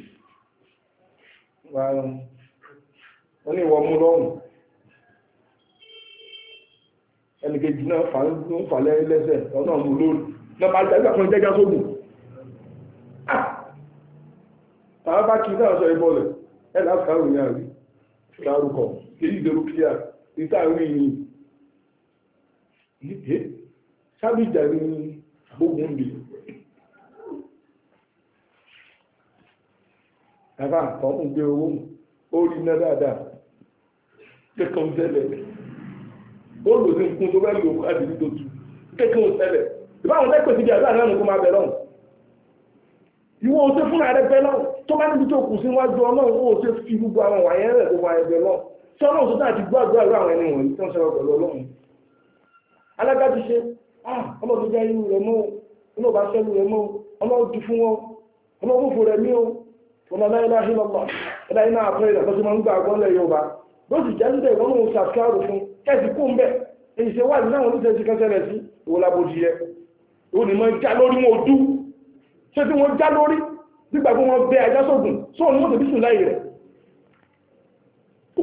B: wọn ní ìwọ mú lọ́rùn ẹnìkejì náà fà ń fà lẹ́yìn lẹ́sẹ̀ ọ̀nà mú lórí náà ah! bá jẹ́ ìgbàkan jẹ́gá sóògùn tàbá kí náà sọ ìbọlẹ̀ ẹ̀ láti kárò ní àrí kárò kọ̀ èyí ìdèrú ìtàrí ni ìdíje sábìjàrí ni gbógun lè ẹ̀fà nǹkan ń gbé owó orí náà dáadáa kẹ́kọ̀ọ́ ń tẹ́lẹ̀ ó lò ní kún tó bá lò káàdì nítòtù kẹ́kọ̀ọ́ tẹ́lẹ̀ ìbáwọn tẹ́kọ̀ọ́ ti di àgbà náà nìkú máa bẹ̀ lọ́wọ́ ìwọ òṣè fúnra rẹ̀ bẹ̀ lọ́wọ́ tó bá níbi tó kù síwájú ọlọ́run ó ṣe fi gbogbo àwọn wàyẹn rẹ̀ gbogbo àyẹ̀bẹ̀ lọ́wọ́ tí ọlọ́run tó tàà ti gbọ́ àgbà àwọn ẹni wọ̀nyí tó ń sọ̀rọ̀ pẹ̀lú ọlọ́run alága ti ṣe ah, ọmọ tó jẹ́ irú rẹ̀ mọ́ ọmọ bá sẹ́lú rẹ̀ mọ́ ọmọ jù fún wọn ọmọ òfò rẹ̀ mí o ọmọ láìlá ṣe lọ́pọ̀ ẹ̀dá iná àpẹẹrẹ ìdàgbọ́ tó máa ń gbà àgbọ́n lẹ̀ Yorùbá bó sì jẹ́ síbẹ̀ ìwọ́n òun ṣàṣàrò fún kẹ́sì kó ń bẹ̀ èyí ṣe wà níláwọn olóṣèlú kan ṣẹlẹ̀ sí ìwọ labojì rẹ̀ ó ní mọ́ já lórí wọn ojú ṣé tí wọ́n já lórí nígbà tí wọ́n bẹ ajá sógun sóòrùn mọ́tò bí sùn láì rẹ̀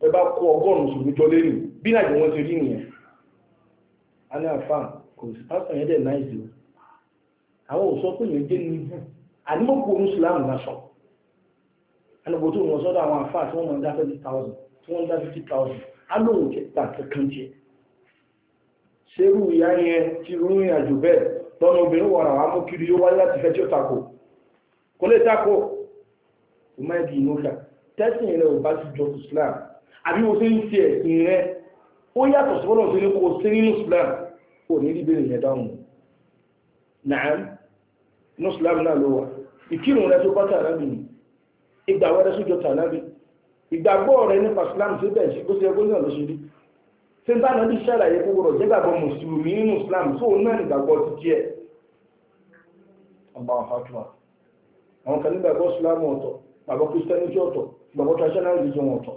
B: ẹ bá kó ọgọ́rùn-ún sùn jọ lẹ́nu bí náà wọ́n ti rí nìyẹn a ní àfà kò sí pásítọ̀ yẹn dẹ̀ náà ìdí àwọn òsọ pé yẹn dé ní ibú ànímọ̀kù oníṣùlámù lásọ ẹnìbò tó wọ́n sọ́dọ̀ àwọn àfà tí wọ́n máa ń dá twenty thousand tí wọ́n dá fifty thousand á lóun jẹ́ gbà kankan jẹ́ ṣerú ìyá yẹn ti rúrin àjò bẹ́ẹ̀ lọ́nà obìnrin wọ̀nà wà mú kiri yóò wáyé láti fẹ́ tí ó takò kò lè takò ìmọ̀ ẹ̀dì ìnúkà tẹ́sìn rẹ̀ islam àbí o ṣe ń fi ẹ̀sìn rẹ ó yàtọ̀ sọ́rọ̀ sí ní kò sí nínú islam kò ní ìbéèrè yẹn dáhùn náà nínú islam náà ló wà ìkírun rẹ tó bá tà lábì ní ìgbà wẹrẹ sójọ tà lábì ìgbàgbọ́ rẹ nípa islam tó bẹ̀ sí gbóṣe ẹgbẹ́ náà ló ṣe rí ṣe ń bá náà bí ṣàlàyé kó gbọdọ̀ jẹ́gbàgbọ́ mùsùlùmí nínú islam tó náà nígbàgbọ́ ti jẹ́ ọba ọ̀fàtúwà àwọn kan nígbàgbọ́ islam ọ̀tọ̀ gbàgbọ́ christianity ọ̀tọ̀ gbàgbọ́ traditional religion ọ̀tọ̀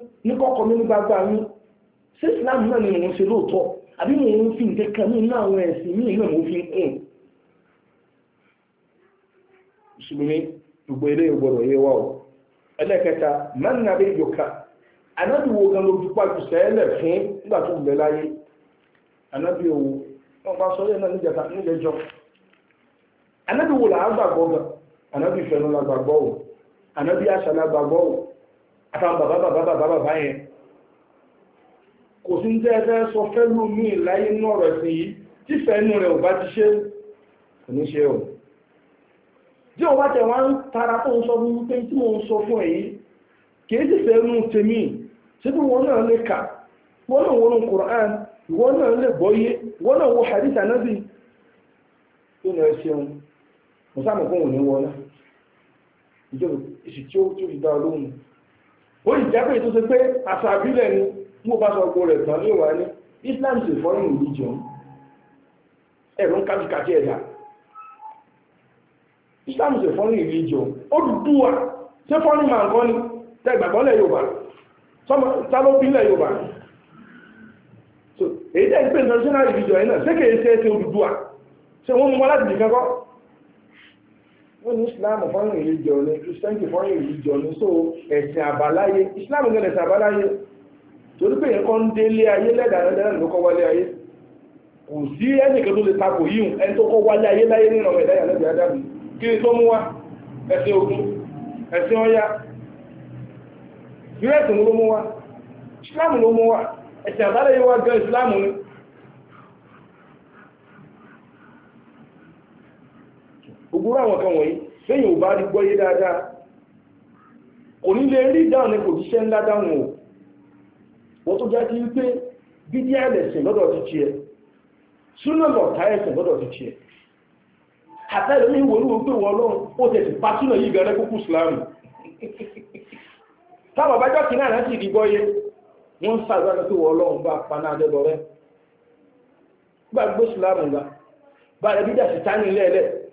B: ní kọ́kọ́ mi ní gbàgbà islam náà ni mò ṣe lóòótọ́ àbí mò ń fi nǹkan kan mí àwọn ẹ̀sìn mí náà fi ń kùn. gbogbo ilé ìgbọ̀rọ̀ wa ẹlẹ́kẹta wo gan lójú pàjù fún nígbà tó gbẹ láyé wọn bá sọ yẹn náà níjẹjọ wo làá gbàgbọ́ gan làgbàgbọ́ àtàwọn bàbá bàbá bàbá bàbá yẹn kò sí ń jẹ́ ẹgbẹ́ sọ fẹ́lú mí láyé inú ọ̀rọ̀ ẹ̀sìn yìí tí fẹ́nu rẹ̀ ò bá ti ṣe kò ní ṣe ò bí o bá tẹ̀ wá ń tara tó ń sọ fún wípé tí mo ń sọ fún èyí kìí sì fẹ́nu tèmi ṣé bí wọn náà lè kà wọn náà wọnú Qur'an ìwọ náà lè gbọ́yé wọn náà wọ hadith anabi tó nà ẹ ṣeun mo sáà mọ̀ fún òun ní wọn náà ìjọba ìṣì tí ó yìí jápé tó ṣe pé àṣà àbílẹ̀ ni mo bá sọ gbogbo rẹ̀ tán ní ìwà ní Islam is a foreign religion ẹ̀rọ ń kájíkájí ẹ̀dá Islam is a foreign religion ó dúdú wa ṣé foreign man kan ni tẹgbàgbọ́lẹ̀ Yorùbá tálóbílẹ̀ Yorùbá èyí tẹ́ ń pè international religion ẹ̀ náà ṣé kèé ṣe é ṣe Odùduwà ṣé wọ́n mú wọn láti dìkan kọ́ wọ́n ní islam fọ́nà ìlíjọ ni christianity fọ́nà ìlíjọ ni so ẹ̀sìn àbáláyé islam gan ẹ̀sìn àbáláyé torí pé nǹkan ń délé ayé lẹ́dàá ló kọ́ wálé ayé kò sí ẹnìkan tó lè takò yíhun ẹni tó kọ́ wálé ayé láyé nínú ọmọ ẹ̀dá ìyàlẹ́bí adámi kí ni tó mú wá ẹ̀sìn ogun ẹ̀sìn ọya yúrẹ́sìn ló mú wá islam ló mú wá ẹ̀sìn àbáláyé wá gan islam ni gbogbo àwọn kan wọ̀nyí fẹ́yìn ò bá rí gbọ́yé dáadáa kò ní lè rí ní kò jíṣẹ́ ńlá dáhùn o wọ́n tó jáde wípé bídí àìlẹ̀sìn lọ́dọ̀ ti tiẹ̀ súnà lọ̀tá lọ́dọ̀ ti tiẹ̀ àtẹ́lẹ̀ ní ìwòlú pé wọ́n lọ́n ó tẹ̀ sí yìí sùlámù táwọn bájọ́ rí gbọ́yé wọ́n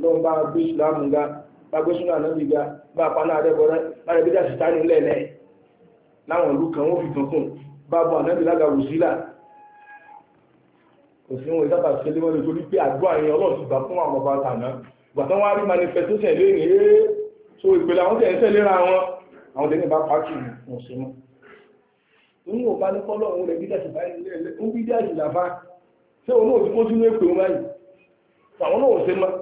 B: lọ́wọ́ bá gbé ìsìlámù ga bá gbé súnà ànábì ga bá paná àdẹ́bọ̀rẹ́ bá rẹ̀ bíjà sí táyé lẹ́lẹ́ láwọn ìlú kan wọ́n fi kankun bá bọ̀ ànábì lága rùsílà kò sí wọn ìsábà sí ẹlẹ́wọ́n lójú wípé àdúrà yẹn ọlọ́run ti gbà fún àwọn ọba tàná ìgbà tán wá rí manifestation lé ní ee so ìpele àwọn tẹ̀ ń tẹ̀léra wọn àwọn tẹ̀ ní bá pàtì wọn sí mọ́ torí wọn bá ní kọ́lọ́ òun rẹ̀ bíjà sí táyé lẹ́lẹ́ ń bíjà sí làbá ṣé òun náà ti kó sínú èpè wọn báyìí àwọn náà ò sí mọ́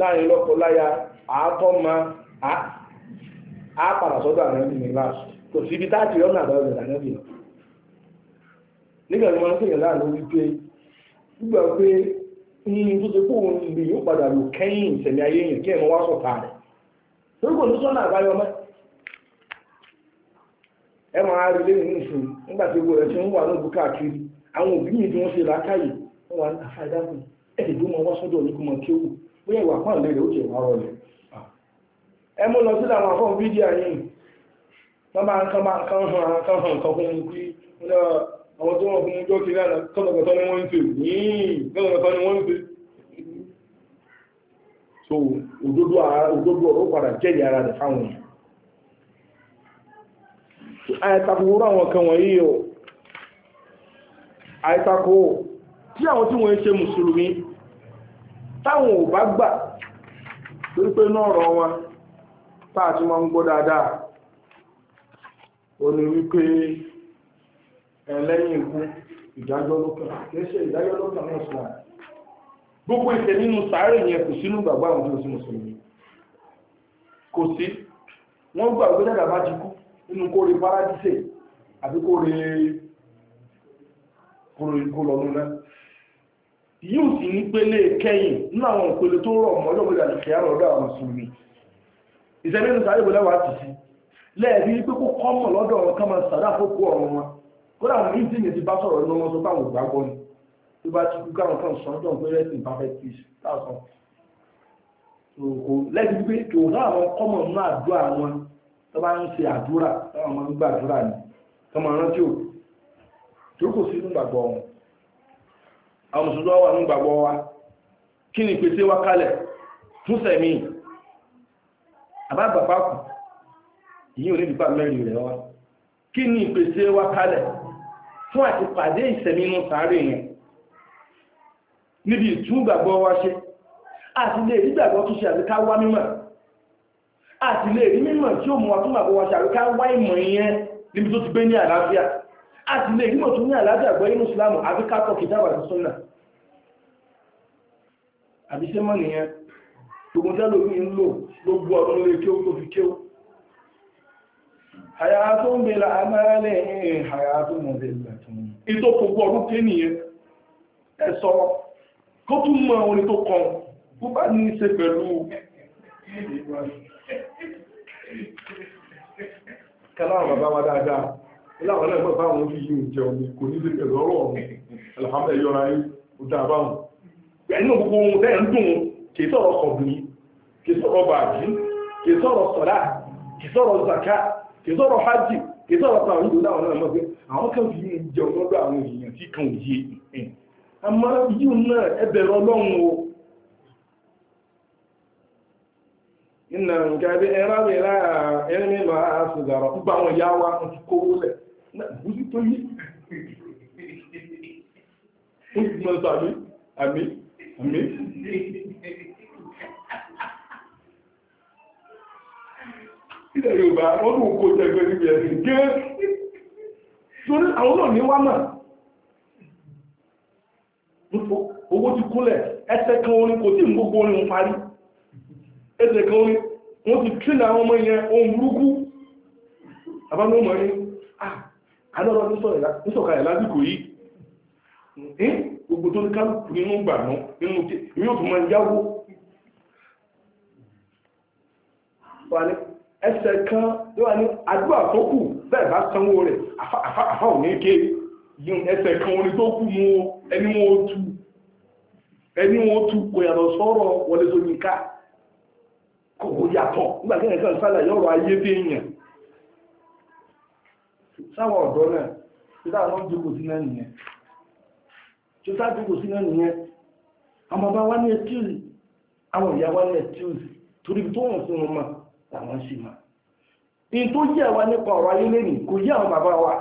B: láàrin lọ́kọláya àátọ́mà àápàdà sọ́dọ̀ ànábì ní láàṣù kò sí ibi táàtì ọ̀nà àbáwọ̀ ànábì lọ na tí wọ́n ń pèyàn láàrin gbígbà pé yíyí tó ti kó òun lè yóò padà lò kẹ́yìn ìṣẹ̀mí ayé yẹn kí ẹ̀mọ́ wá sọ̀tà rẹ̀ torí ní sọ́nà àbáyọ mọ́ ẹ máa rí lé owó rẹ̀ ti ń wà lóògùn káàkiri àwọn òbí yìí tí wọ́n ṣe làákàyè wà ní pé ìwà pọ̀ lẹ́rẹ̀ ó jẹ̀ wọ́n rọlẹ̀ ẹ mú lọ sílẹ̀ àwọn afọ́n fídíò yìí wọ́n bá ń kán bá ń kán hàn án hàn kan fún un pé tó wọ́n fún un jókè náà tọ́tọ̀tọ̀ ni wọ́n ń pè yìí tí àwọn tí wọ́n ń ṣe mùsùlùmí táwọn ò bá gbà torí pé náà rọ wọn táà tí wọ́n ń gbọ́ dáadáa ó ní wípé ẹlẹ́yìn ikú ìdájọ́ lókàn kẹsẹ̀ ìdájọ́ lókàn náà sùn àná gbogbo ìṣẹ̀ nínú sàárè yẹn kò sínú gbàgbọ́ àwọn tó mùsùlùmí kò sí wọ́n gbà pé dàdà bá yíò sì ń pélé kẹ́yìn ní àwọn ìpele tó rọ̀ mọ́ ọjọ́ ìgbèdà ìfẹ́ àrọ̀dọ̀ àwọn mùsùlùmí ìṣẹ́lẹ̀ nínú sáré ìwòlẹ́ wà tìsí lẹ́ẹ̀rí pé kó kọ́mọ̀ lọ́dọ̀ wọn kọ́mọ sàdá àkókò ọ̀rọ̀ wọn kódà wọn ní ìdíyẹ ti bá sọ̀rọ̀ lọ́wọ́ tó báwọn gbàgbọ́ ni tó bá ti kú káwọn kan sọ ọjọ́ pé rẹ́sì perfect peace láàsán lẹ́ẹ̀rí pé kò náà wọn kọ́mọ̀ nínú àdúrà wọn tó bá ń ṣe àdúrà táwọn máa ń gbàdúrà ni kọ́mọ rántí òkú tó kò sí nígbàgbọ́ wọn àwọn mùsùlùmí wà ní ìgbàgbọ́ wa kí ni ìpèsè wa kalẹ̀ fún sẹ̀mí àbágbàpá kù yìí ò ní ìdìbà mẹ́rin rẹ̀ wa kí ni ìpèsè wa kalẹ̀ fún àti pàdé ìsẹ̀mí inú sàárè yẹn níbi ìtúgbàgbọ́ wa ṣe àti lè rí gbàgbọ́ tó ṣe àríká wá mímọ̀ àti lè rí mímọ̀ tí ó mú wa túnbàgbọ́ wa ṣe àríká wá ìmọ̀ ìyẹn níbi tó ti gbé ní àlàáfíà a sì lè rímọ̀ tún ní àlájẹ́ àgbọ́yé mùsùlámù àbí kákọ̀ kìtàbà àti súnà àbí ṣe mọ́ nìyẹn gbogbo tẹ́lò ní ń lò gbogbo ọdún lè kí ó tó fi kéw àyàtò ń bèèrè àmàrẹ́lẹ̀ ẹ̀hìn àyàtò mọ̀ bẹ̀rẹ̀ ìtò gbogbo ọdún ké nìyẹn ẹ sọ̀rọ̀ kó tún mọ orin tó kàn bó bá ní í ṣe pẹ̀lú kanáà bàbá wa dáadáa láwọn náà mọ̀ báwọn fi yí oúnjẹ omi kò ní lè pẹ̀lú ọ̀rọ̀ ọ̀hún alhamdulillah yọra yín ó dáa báwọn ẹnu gbogbo ohun tẹ́ ń dùn kì í sọ̀rọ̀ ọ̀bùnì kì í sọ̀rọ̀ bàjí kì í sọ̀rọ̀ sọ̀lá kì í sọ̀rọ̀ zaka kì í sọ̀rọ̀ hajj kì í sọ̀rọ̀ tàwọn ìlú láwọn náà mọ̀ àwọn èèyàn tí kan ò yé àmọ́ yíò náà ẹbẹ̀rẹ̀ ọlọ́run o ìnà nǹkan ẹbí ẹran mi láàárín àwọn ìyá ti kówó lẹ̀ bùsí tó yí ó ti mọ́ sọ àmì àmì àmì ilẹ̀ yorùbá wọ́n mú kó jẹgbẹ́ níbi ẹ̀sìn gẹ́ torí àwọn náà ní wá náà owó ti kúnlẹ̀ ẹsẹ̀ kan orin kò tí gbogbo orin ń parí ẹsẹ̀ kan orin wọ́n ti tún àwọn ọmọ ìyẹn ohun burúkú àbámọ́ ọmọ yẹn adọ́rọ̀ nísọ̀kalẹ̀ lásìkò yìí ní gbogbo tó ní kálùkù nínú gbàmọ́ nínú tí yóò tún máa yáwó ẹsẹ̀ kan yóò wà ní àdúrà tó kù bẹ́ẹ̀ bá sanwó rẹ̀ àfà òní ké yíò ẹsẹ̀ kan orin tó kù mú ẹni wọn tú ẹni wọn tú kò yàtọ̀ sọ́rọ̀ wọlé tó ní ká kò yàtọ̀ nígbàtí ẹ̀kan sálà yọ̀rọ̀ ayé bí èèyàn sáwọn ọ̀dọ́ náà títà wọ́n jókòó sí náà nìyẹn tó sá jókòó sí náà nìyẹn àwọn bàbá wá ní ẹtíùsì àwọn ìyá wá ní ẹtíùsì torí tó wọ́n fún sì in tó yẹ wa nípa ọ̀rọ̀ ayé lẹ́yìn kò yẹ àwọn bàbá wa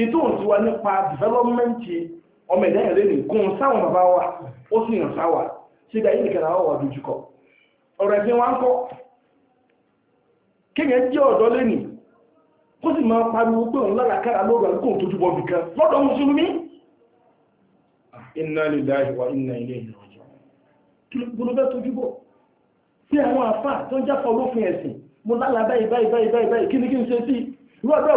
B: in tó nípa ọmọ lẹ́yìn kò sáwọn bàbá wa ó sì kó sì máa pariwo pé òun lálàkára lórí àgbóhùn tó túbọ̀ bì kan lọ́dọ̀ mùsùlùmí inna lillahi wa inna ilayhi raji'un kí ló gbọ́dọ̀ bẹ́ tójú bọ̀ sí àwọn àfà tó ń jáfọ́ lófin ẹ̀sìn mo lálàá báyìí báyìí báyìí báyìí kí ni kí n ṣe sí irú ọ̀dọ́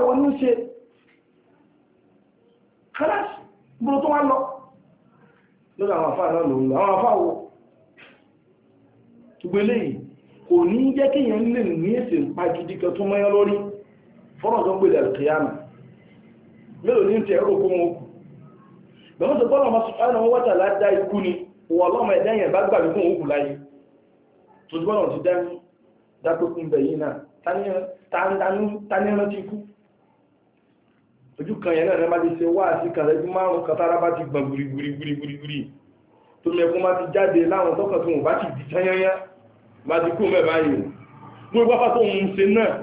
B: ìwọ ní fọ́nà tó ń pèlè alkiyama mélòó ní tẹ̀ ẹ̀rọ kún okù bẹ̀rún tó bọ́nà masu ọ̀nà wọ́n wọ́ta láti ikú ni wọ́n lọ́mọ ẹ̀dẹ́yìn bá gbàgbé fún òkú láyé tó ti bọ́nà ti dá dákókún bẹ̀ yìí náà tanírán ti kú ojú kan yẹn náà rẹ má ti ṣe wá àti kàlẹ́ bí márùn katara bá ti gbọ̀n gbìrìgbìrìgbìrì tó mẹ́kún má ti jáde láwọn tọ́kàn tó wọ́n bá ti dì má ti kú mẹ́ báyìí gbogbo afá tó ń náà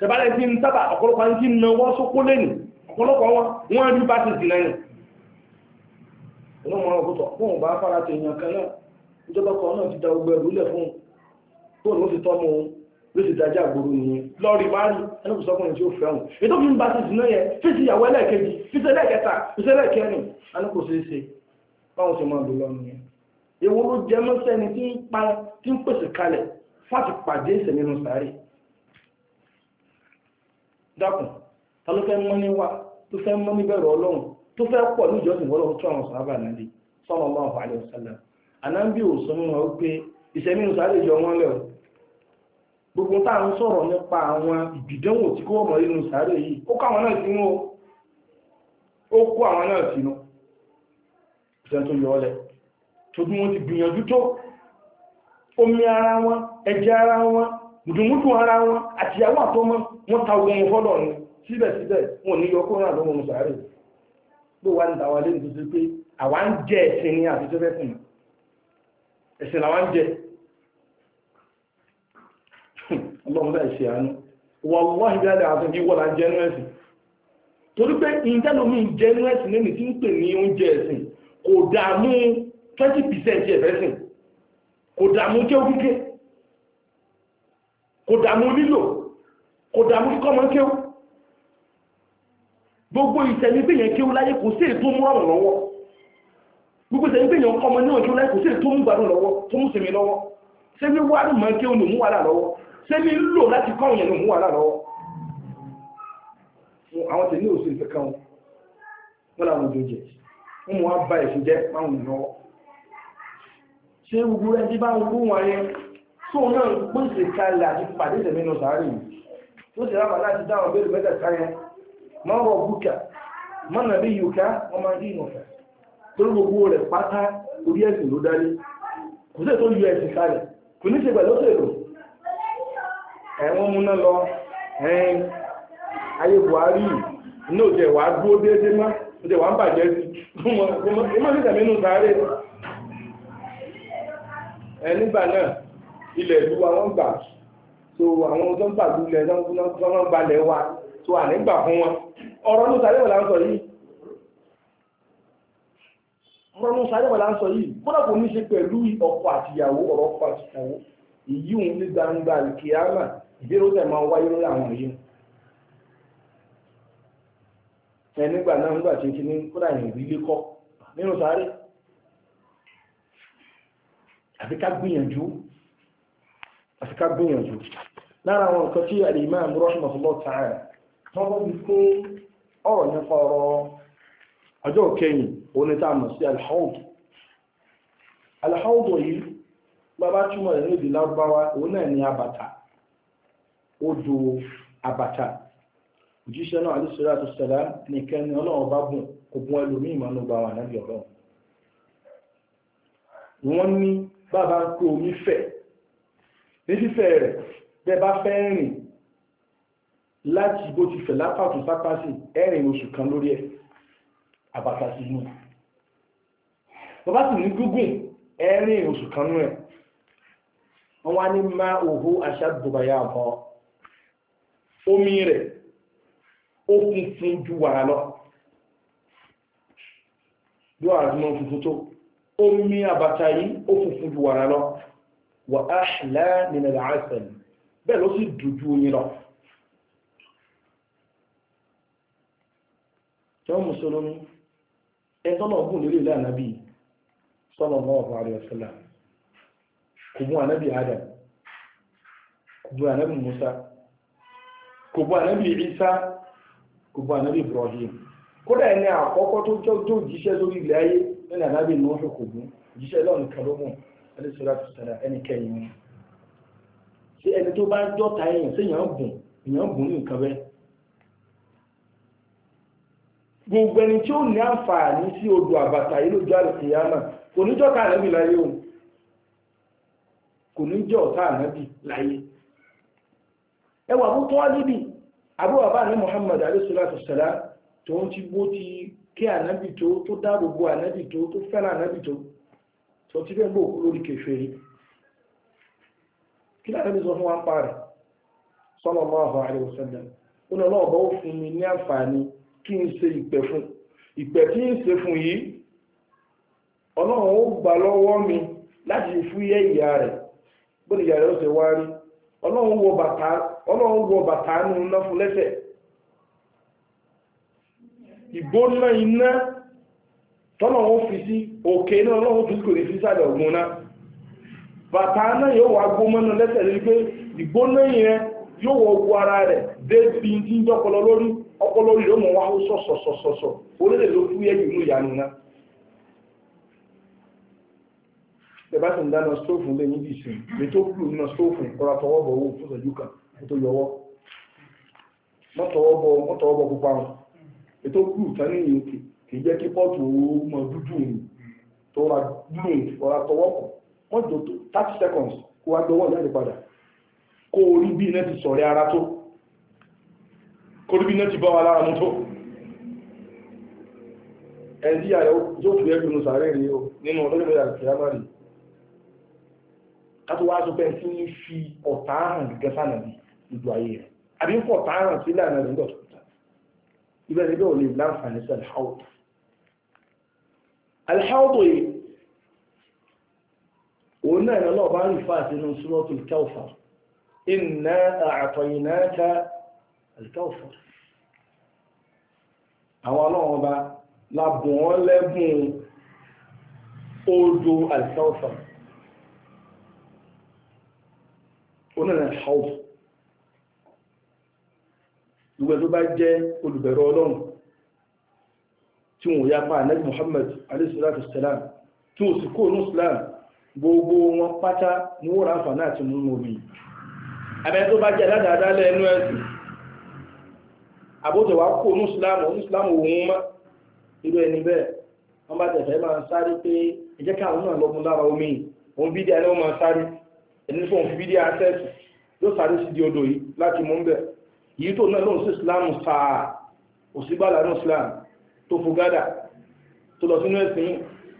B: tẹbálẹ̀ tí ń tábà ọ̀pọ̀lọpọ̀ ń tí náwó sókó lẹ́nu ọ̀pọ̀lọpọ̀ wọn wọ́n rí bá ti dì náà ọlọ́mọ ọ̀rọ̀ púpọ̀ fún ọba afárá ti èèyàn kan náà ìjọba kan náà ti da ogbó ẹrù lẹ̀ fún fóònù ó ti tọ́ mọ́ ló ti dájá gbòòrò nìyẹn lọ́ọ̀rì máa rí ẹnìkù sọkùnrin tí ó fẹ́hùn ètò fi ń bá ti dì náà yẹn fèsì ìyàwó ẹlẹ́ẹ̀kejì fèsì ẹlẹ́ẹ̀kẹta fèsì ẹlẹ́ẹ̀kẹrin ẹnìkù ṣeé ṣe báwọn ṣe máa lò lọ nìyẹn èwo ló jẹ mọ́sẹ́ni tí ń pèsè kalẹ̀ fáti pàdé ìṣẹ̀ sáré dákùn ta ló fẹ́ mọ́ ní wà tó fẹ́ mọ́ níbẹ̀rù ọlọ́run tó fẹ́ pọ̀ ní ìjọsìn ọlọ́run tó àwọn sàábà nàbí sọ́nà bá wà alẹ́ ọ̀sálà ànábì ò sọ nínú pé sáré jọ gbogbo tá à ń sọ̀rọ̀ nípa àwọn ìbìdánwò tí kò mọ̀ nínú sáré yìí ó kó àwọn náà sínú ó kó àwọn náà sínú ìṣẹ́ omi ara wọn ara wọn ara wọn àtìyàwó àtọmọ wọn ta ogun fọ́lọ̀ ni síbẹ̀síbẹ̀ wọn ní yọkó náà lọ́wọ́ mùsàárì ló wá ń da wa lẹ́nu tuntun pé àwa ń jẹ ẹ̀sìn ní àtijọ́ fẹ́ sìn ẹ̀sìn làwa ń jẹ ọlọ́run bá ṣe àánú wọ́n ìgbà àdá àti ìwọ́ la jẹ́nu ẹ̀sìn torí pé ìjẹ́lómi jẹ́nu ẹ̀sìn tí ń pè ní oúnjẹ ẹ̀sìn kò dààmú 20% ẹ̀fẹ́ kò dààmú jẹ́ òkúkẹ́ kò dààmú lílò kò dàmú kíkọ́ mọ́ o gbogbo ìtẹ̀lé pé yẹn kéwú láyé kò sí ètò mú ọ̀rùn lọ́wọ́ gbogbo ìtẹ̀lé pé yẹn kọmọ níwọ̀n kéwú láyé kò sí ètò mú gbàdùn lọ́wọ́ tó mú sinmi lọ́wọ́ ṣé ní wàá mọ́ kéwú ló mú wàhálà lọ́wọ́ ṣé ní lò láti kọ́ yẹn ló mú wàhálà lọ́wọ́ àwọn tẹ̀lé òsì ìfẹ́ kan wọ́n làwọn òjò jẹ wọ́n mú wọn bá ẹ̀sùn jẹ́ máa ń lọ́wọ́ ṣé gbogbo ẹni bá ń gbóhùn ayẹ tó náà gbèsè kalẹ̀ àti tó sì rábà láti dáwọn bẹ́rẹ̀ mẹ́tẹ̀ẹ̀ta yẹn máa wọ búkà mọ́nà bí yòókà wọ́n máa dín ìwọ̀fẹ́ torí gbogbo rẹ̀ pátá orí ẹ̀sìn ló dárí kò sí ètò yọ ẹ̀sìn kò ní ṣe pẹ̀lú
A: ẹ̀wọ̀n múná lọ ẹ̀yìn ayé Buhari
B: ní òjò ẹ̀wà dúró déédéé má òjò ẹ̀wà ń bàjẹ́ sí nígbà mínú sáré ẹ̀ nígbà náà ilẹ̀ ìlú wa wọ́n gbà so àwọn tó ń gbàdúlẹ̀ tó ń gbalẹ̀ wa tó wà nígbà fún wọn ọ̀rọ̀ ló sáré wọ̀ là ń sọ yìí ọ̀rọ̀ ló sáré wọ̀ là ń sọ yìí kódà kò ní ṣe pẹ̀lú ọkọ àtìyàwó ọ̀rọ̀ ọkọ àtìyàwó èyí òun ní gbangba kìámà ìbéèrè ó tẹ̀ máa wáyé lórí àwọn yìí ẹnigbà náà àfi ká gbìyànjú àfi ká gbìyànjú lára àwọn nǹkan tí al-Imam rahimahullah a tọ́wọ́ bí pé ọ̀rọ̀ nípa ọ̀rọ̀ ọjọ́ kẹyìn oníta mọ̀ sí al-hawd yìí bàbá túmọ̀ rẹ̀ níbi lárúbáwá òun náà ní odò òjíṣẹ́ náà nìkan ni ọlọ́run bá gùn kò gún ẹlòmíì mọ́nú bá wà náà ọlọ́run wọ́n ní bàbá ń pé omi fẹ̀ ní rẹ̀ bẹ́ bá fẹ́ rìn láti bó ti fẹ̀ lápàtún sápásì ẹ̀rìn oṣù kan lórí ẹ̀ àbàtà sí inú bàbá sì ní gúgùn ẹ̀rìn oṣù kan nú ẹ̀ wọ́n wá ní má òhó àṣàdùbàyà bọ́ omi rẹ̀ ó kún fún ju wàrà lọ bí wàrà tí wọ́n tó omi àbàtà yìí ó funfun ju wàrà lọ wà á nínú àṣàlù bẹ́ẹ̀ ló sì dùjú yín lọ jọ mùsùlùmí ẹ̀tọ́ náà lórí ilé ànábì sallallahu alaihi wasallam kò ànábì adam kò gùn ànábì musa kò gùn ànábì isa kò gùn ànábì ibrahim kódà ẹni àkọ́kọ́ tó jọ́ jíṣẹ́ lórí ilé ayé nínú ànábì nùhù kò gùn jíṣẹ́ lọ́nà kan ló mú tí ẹni tó bá jọ́ta èèyàn sí èèyàn bùn èèyàn bùn ní nǹkan gbogbo ẹni tí ó ní àǹfààní sí odò àbàtà yìí lójú náà kò ní o kò ní jọ́ ọ̀tá láyé ẹwà tó tọ́ níbi àbúrò ní Muhammad alayhisalatu salam tó ń ti bó ti kí ànábì tó tó dáàbò gbogbo ànábì tó tó fẹ́ràn ànábì tó tó ti fẹ́ lórí kí lára mi fún wa ń fún mi ní àǹfààní kí n ìpẹ̀ fún ìpẹ̀ tí ń fún yìí ọlọ́run ó gbà lọ́wọ́ mi láti fúyẹ́ ìyá rẹ̀ bóni ìyá rẹ̀ ó ṣe wá ọlọ́run wọ bàtà nù ńlá fún lẹ́sẹ̀ ìgbóná iná bàtà náà yóò wá gbómọ́nà lẹ́sẹ̀ lórí pé ìgbóná yẹn yóò wọ ara rẹ̀ dé bí n tí ń lórí ọpọlọ lórí yóò mọ̀ wá ó sọ̀sọ̀sọ̀sọ̀ orílẹ̀ ló sì ń dáná stóòfù lé níbi ìsìn tó kúrò nínú stóòfù kọ́ra tọwọ́ bọ̀ owó fún ìṣẹ́jú kan tó yọwọ́ mọ́tọ̀wọ́ bọ̀ wọn tó kúrò tán ní ìyókè kì wọ́n jò tó thirty seconds kó wá gbọ́wọ́ jáde padà kó orí bí iná ti sọ̀rẹ́ ara tó kó orí bí iná ti bá wa lára mú tó ẹ̀ndí ààrẹ yóò fi ẹgbẹ̀rún sàárẹ̀ rí o nínú ọlọ́jọ́ ìyá kìlámàrí kátó wá sọ pé tí ń fi ọ̀tá hàn gẹ́gẹ́ sànà bí ìlú ayé rẹ̀ àbí ń fọ̀ ọ̀tá hàn sílẹ̀ àná rẹ̀ nígbà tó ta ibẹ̀ níbẹ̀ ò lè láǹfààní sí alhaudu alhaudu òun náà ni ọlọ́ọ̀bá ń fà sínú suratul Kawthar inna a'tainaka al-Kawthar àwọn ọlọ́wọ́n bá labùn wọn lẹ́bùn odò al-Kawthar òun náà tó bá jẹ́ olùbẹ̀rọ ọlọ́run tí wọ́n yá pa ànábì Muhammad alayhi salatu wassalam tí wọ́n sì kó gbogbo wọn pátá ní wó ráfà náà ti mú omi abẹ́ tó bá jẹ́ aládàádá lẹ́nu ẹ̀sìn àbójọ̀wá kó ní ìsìláàmù ní ìsìláàmù òun mọ́ irú ẹni bẹ́ẹ̀ wọ́n bá tẹ̀fẹ́ máa sáré pé ẹjẹ́ káwọn náà lọ́gbọ́n lára omi òun bídí alẹ́ wọn máa sáré ẹni fún òun fi bídí àṣẹ́sì yóò sáré sí di odò yìí láti mú bẹ́ẹ̀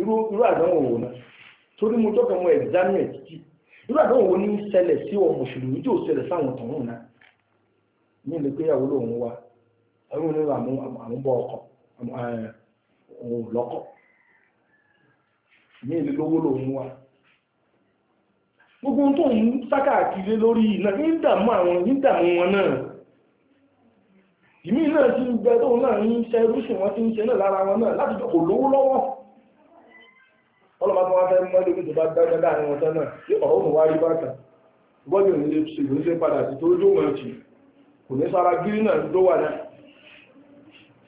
B: irú àdánwò wò náà torí mo tọ́ka mọ́ ẹ̀dámì ẹ̀ títí irú àdánwò wò ní ṣẹlẹ̀ sí ọ mùsùlùmí tí ò ṣẹlẹ̀ sáwọn tọ̀hún náà wa àwọn onírò àmúbọ̀ ọkọ òun lọ́kọ̀ ní ilé lówó lòun wa gbogbo tó ń sákàkiri lórí iná ní ìdàmú àwọn ìdàmú wọn náà ìmí náà ti ń tóun náà ń ṣe wọn ti ń ṣe náà ọlọ́mọ tó wá fẹ́ mọ́ lórí tó bá náà tí ọ̀hún wá rí bàtà gbọ́dọ̀ ní ṣègbè ní padà sí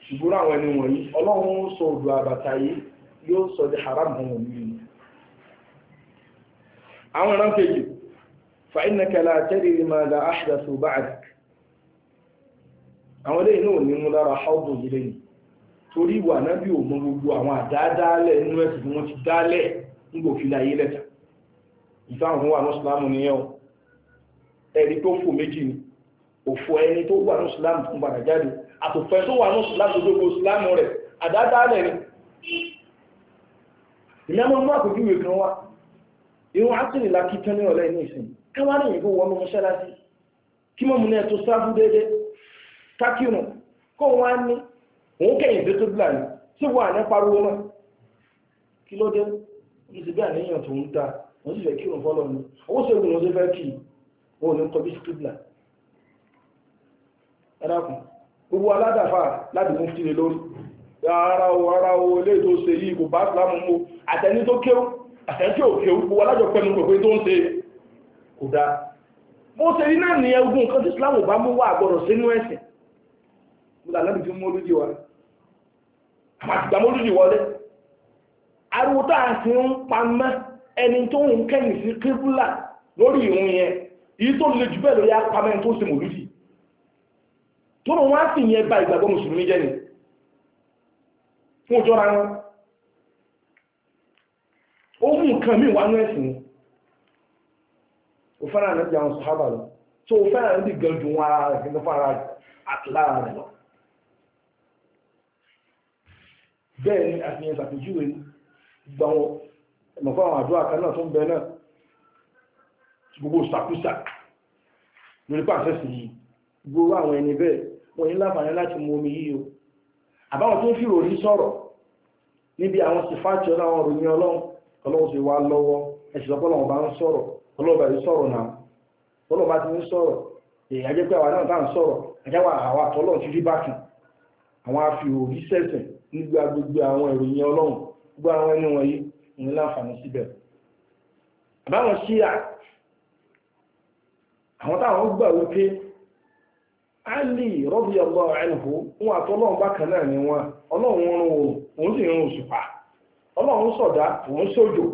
B: ṣùgbọ́n àwọn ẹni wọ̀nyí ọlọ́run sọ àbàtà yìí yóò sọ haram hàn wọ̀n àwọn ìran kejì àwọn ilé inú ò ní mú lára torí ìwà náàbí ò mọ gbogbo àwọn àdáadáalẹ̀ inú ẹ̀sìn wọ́n ti dálẹ̀ nígbò ayé lẹ́ta ìfáhùn wà lọ́sùlámù ní ẹ̀hùn ẹ̀rí tó fò méjì ni òfò ẹni tó wà lọ́sùlámù fún padà jáde àtòfẹ́ tó wà lọ́sùlámù tó gbogbo sùlámù rẹ̀ àdáadáalẹ̀ ni mú àpèjúwe kan wá irun átìrì lákì tán ọ̀lẹ́ ní ìsìn káwá ní ka òun kẹ́yìn dé tó bílà ní tí wà ní pariwo náà kí ló dé ní ti bí àníyàn tó ń da wọ́n sì fẹ́ kí òun fọ́lọ́ ní owó sí ogun lọ́sẹ̀ fẹ́ kí òun ní kọjú sí kíbìlà ẹ̀dàkùn gbogbo aládàfà láti mú fìdí lórí ara o ara o ilé tó ṣe yìí kò bá sílámù mú àtẹni tó kéwú àtẹni tí ò kéwú gbogbo alájọ pẹ̀lú pẹ̀lú tó ń ṣe kò dáa bó ṣe rí náà nìyẹn ogun kan tí sílámù bá mú wà gbọ́dọ̀ sínú ẹ̀sìn lálẹ́bì tí mọ́lúdì wà àmàtìgbà mọ́lúdì wọlé ariwo tó à ń fi ń pamọ́ ẹni tó ń kẹ́yìn sí kíbúlà lórí ìrun yẹn èyí tó lè jù bẹ́ẹ̀ lórí apamọ́ ẹni tó ń ṣe mọ́lúdì tó rùn wọ́n sì yẹn ba ìgbàgbọ́ mùsùlùmí jẹ́ ni fún ọjọ́ ra wọn ó mú nǹkan míì wánú ẹ̀sìn ò fẹ́ràn àti àwọn sàhábà lọ bẹ́ẹ̀ ni àfihàn ṣàpèjúwe gbàwọn ẹ̀mọ̀fọ́ àwọn àdúrà kan náà tó ń bẹ náà gbogbo ṣàkúṣà lórí pàṣẹ sí yìí gbogbo àwọn ẹni bẹ́ẹ̀ wọ́n ní láǹfààní láti mú omi yíyo àbáwọn tó ń fi ròrí sọ̀rọ̀ níbi àwọn sífàtì ọláwọn ròyìn ọlọ́run ọlọ́run sì wá lọ́wọ́ ẹ̀sìn ọpọlọ́run bá ń sọ̀rọ̀ ọlọ́run bá ń sọ̀rọ̀ náà ọlọ́run bá ti ń sọ̀rọ̀ èyí ajẹ́ pé àwa náà tá à ń sọ̀rọ̀ àjáwà àwa àtọ́lọ́run ti rí bákan àwọn afi òrí sẹ̀sìn nígbà gbogbo àwọn ìròyìn ọlọ́run gbogbo àwọn ẹni wọ̀nyí ní láǹfààní síbẹ̀ àbáwọn ṣíà àwọn táwọn gbà wípé wọn àtọ́lọ́run bákan náà ni wọn ọlọ́run oòrùn òun sì rún òṣùpá ọlọ́run sọ̀dá òun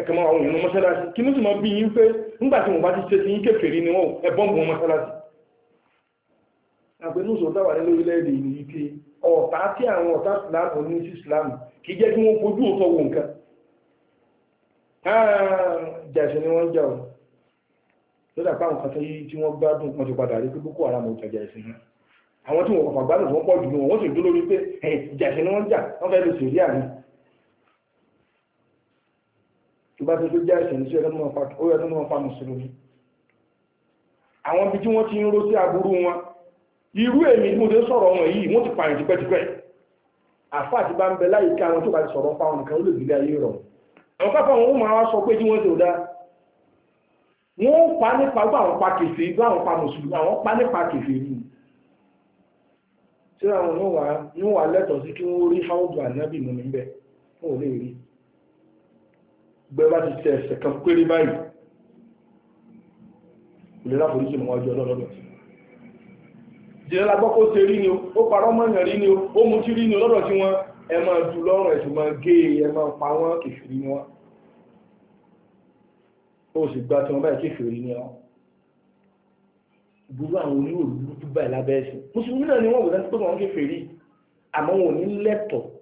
B: ẹ̀kẹ́ máa àwọn èèyàn mọ́sálásí kí ló sì máa bí yín pé nígbà tí wọ́n bá ti ṣe ti yín kéfèrí ni wọ́n ẹ̀bọ́n bù wọn mọ́sálásí àgbẹnusọ dáwà ní lórílẹ̀-èdè yìí pé ọ̀tá tí àwọn ọ̀tá ìsìlámù ní sí ìsìlámù kì í jẹ́ kí wọ́n fojú òótọ́ wo nǹkan jẹ̀sìn ni wọ́n jẹ́ ọ̀ lọ́dà pa àwọn kàtà yìí tí wọ́n gbádùn wọn ti padà rí pé boko haram ò jẹ̀jẹ̀ ìsìn náà wọ́n pọ̀ jù wọn sì dúró wípé jẹ̀sìn ni wọ́n jà wọ́n fẹ́ lè sèrí àná bá tó tó jẹ́ ìṣẹ̀lẹ̀ sí ọ̀yọ́ tó mọ́ fa mùsùlùmí àwọn ibi tí wọ́n ti ń ró sí aburú wọn irú èmi tí mo ti sọ̀rọ̀ wọn yìí wọ́n ti pààyàn tipẹ́tipẹ́ àfá àti bá ń bẹ láyé ká àwọn tó bá ti sọ̀rọ̀ pa ọ̀nà kan ló gbílé ayé rọ̀ àwọn pápá wọn ó máa wá sọ pé tí wọ́n ti ò dá wọ́n ó pa nípa gbọ́ àwọn pa kèfèé gbọ́ àwọn pa mùsùlùmí àwọn pa nípa kèfèé yìí tí àwọn náà wà lẹ́tọ̀ọ́ sí kí wọ́n rí háwùdù lè rí bẹ́ẹ̀ bá ti tẹ ẹsẹ̀ kan péré báyìí kò lè ráforí sí ìmọ̀wájú ọlọ́dọ̀ tí jẹ́ lágbọ́ kó ṣe rí ni ó parọ́ mọ́yàn rí ni ó mú tí rí ni lọ́dọ̀ tí wọ́n ẹ máa jù lọ́rùn ẹ̀sùn máa gé e, ẹ máa pa wọ́n kèfèrí ni wọ́n ó sì gba tí wọ́n báyìí kèfèrí ni wọ́n burú àwọn oníwòrú burúkú báyìí lábẹ́ ẹ̀sìn mùsùlùmí náà ni wọ́n wò láti pé wọ́n kèfèrí àmọ́ wọn ò ní lẹ́tọ̀ọ́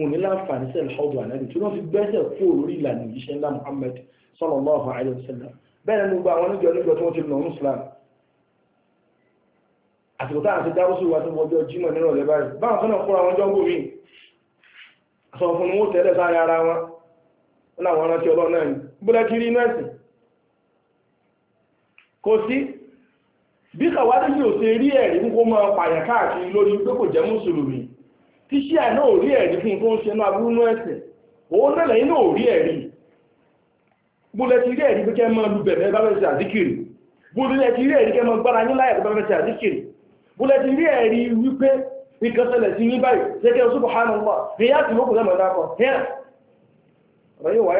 B: wọn ní láǹfààní sẹ́ẹ̀lì ọdún ànábì tí wọ́n fi gbẹ́sẹ̀ kó lórí ìlànà ìyíṣẹ́ ńlá Muhammad sallallahu alaihi wasallam bẹ́ẹ̀ ni gbogbo àwọn oníjọ oníjọ tí wọ́n ti lọ ní Islam àsìkò táà ti dárúsù wa tó wọjọ Jímọ̀ nínú ọ̀lẹ́ báyìí báwọn fún ọkùnrin àwọn jọ́gbò mi àsọ fún wọn tẹ́lẹ̀ sáré ara wọn láwọn tí ṣíà náà rí ẹ̀rí fún tó ń ṣe náà burú ẹ̀sìn òun náà lẹ́yìn náà rí ẹ̀rí búlẹ̀ ti rí ẹ̀rí pé kẹ́ mọ́ lu bẹ̀rẹ̀ bá fẹ́ ṣe àdíkìrì búlẹ̀ ti rí ẹ̀rí kẹ́ mọ́ gbára yín láyà bá fẹ́ ṣe àdíkìrì búlẹ̀ ti rí ẹ̀rí wípé nǹkan ṣẹlẹ̀ sí yín báyìí ṣẹ́kẹ́ subhanallah ní yá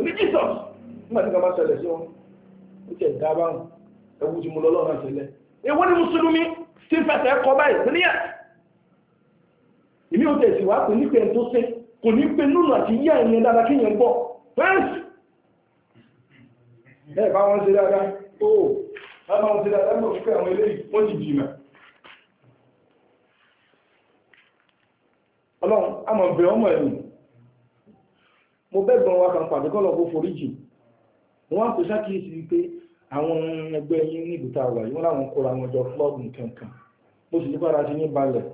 B: Jesus ni Jesus nígbà tí kan bá ṣẹlẹ̀ sí wọn ó jẹ́ ìdábáhùn ẹwú ti mú lọ́lọ́ náà ṣẹlẹ̀ èwo ni mùsùlùmí tí fẹ́sẹ̀ kọ báyìí brilliant ìmí òtẹ̀ ìsìwá kò ní pé tó sé kò ní pé lónà àti yá ìyẹn dáadáa kí yẹn gbọ́ fẹ́ǹsì ẹ bá wọn ṣe dáadáa ó bá wọn ṣe dáadáa mọ̀ fífẹ́ àwọn eléyìí wọ́n ti wọ́n á pèsè àkíyèsí àwọn ẹgbẹ́ yín ní ìbúta wà yìí wọ́n láwọn kóra wọn jọ club nkankan mo sì yípadà sí ní balẹ̀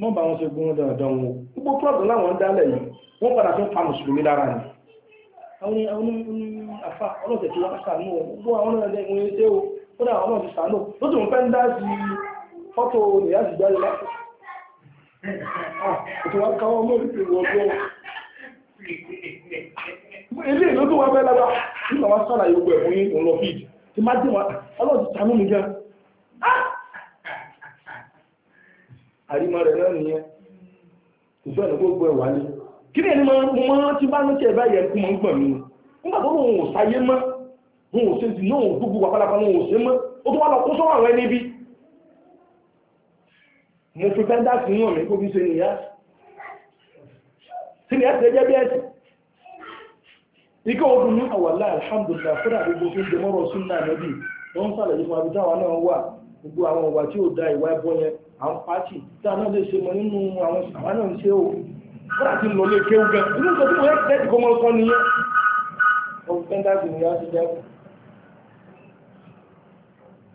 B: wọ́n bá wọn ṣe gún dandan wọn gbogbo club láwọn dálẹ̀ yìí wọ́n padà tún pa mùsùlùmí lára ni àwọn afa ọlọ́sẹ̀ tí wọ́n sàánú gbogbo àwọn ọlọ́sẹ̀ ìwọ̀n ẹ̀ṣẹ́ o kódà àwọn ọlọ́sẹ̀ sàánú lójú wọn fẹ́ ń dá sí fọ́tò nìyá sì jáde láti ah, ètò wọn káwọn mọ́ ìpè wọ́n
A: lọ ilé ìlú tó wọn fẹ́ lára
B: nígbà wọn sàlàyé gbogbo ẹ̀fún yín òun lọ fíìdì tí má dìwà ọlọ́dì sàánú mi gan ah! àrímọ̀ rẹ̀ náà nìyẹn ìfẹ́ ẹ̀nà gbogbo ẹ̀wà ní kí ní ẹnìmọ̀ mọ́ tí bá ní tẹ́ báyẹ̀ kú mọ́ ń gbọ̀n mi nígbà tó lóun ò sáyé mọ́ wọn ò ṣe ti náà ò gbogbo wà pálápàá wọn ò ṣe mọ́ ó tó wà lọ kó sọ́wọ́ àwọn ẹni mo fi fẹ́ dá sí náà mi kó fi ṣe nìyá sí ni ẹ̀ ikẹ́ ogun ní àwàlá alhamdulillah fúnra gbogbo fi ń dẹmọ́rọ̀ súnnà nẹ́bí wọ́n ń sàlẹ̀ yìí fún abúdáwà náà wà gbogbo àwọn ọ̀wà tí ó da ìwà ẹbọ yẹn àwọn pàtì tá náà lè ṣe mọ nínú àwọn àwọn náà ń ṣe o fúnra ti lọ lé kéwù gan inú sọ tí mo yẹ kẹ́ẹ̀tì kọ́ mọ́ sọ nìyẹn ọ̀hún pẹ́ńtà sì ní láti jẹ́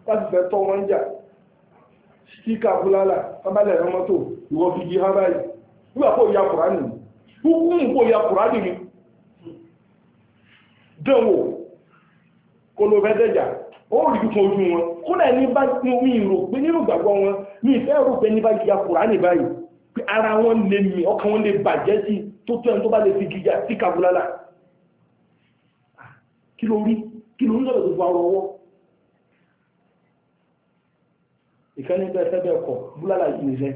B: láti fẹ́ tọ́ wọn jà síkà búlálà tábàlẹ̀ rẹ mọ́tò ìwọ fi yí hábàyì nígbà kó ya kùránì hukú dánwò kó ló fẹ́ dẹ̀jà ó rí dúkùn ojú wọn kó náà ní bá mi rò pé nínú ìgbàgbọ́ wọn mi ìfẹ́ rò pé ní bá gíga Kùránì báyìí pé ara wọn lè mì ọkàn wọn lè bàjẹ́ sí tó tó ẹni tó bá lè fi gíga sí kàbúlálà ah, kí ló rí kí ló ń lọ́dọ̀ tó fa ọwọ́ ìkànnì bẹ́ẹ̀ fẹ́ bẹ́ẹ̀ kọ̀ búlálà yìí nìṣẹ́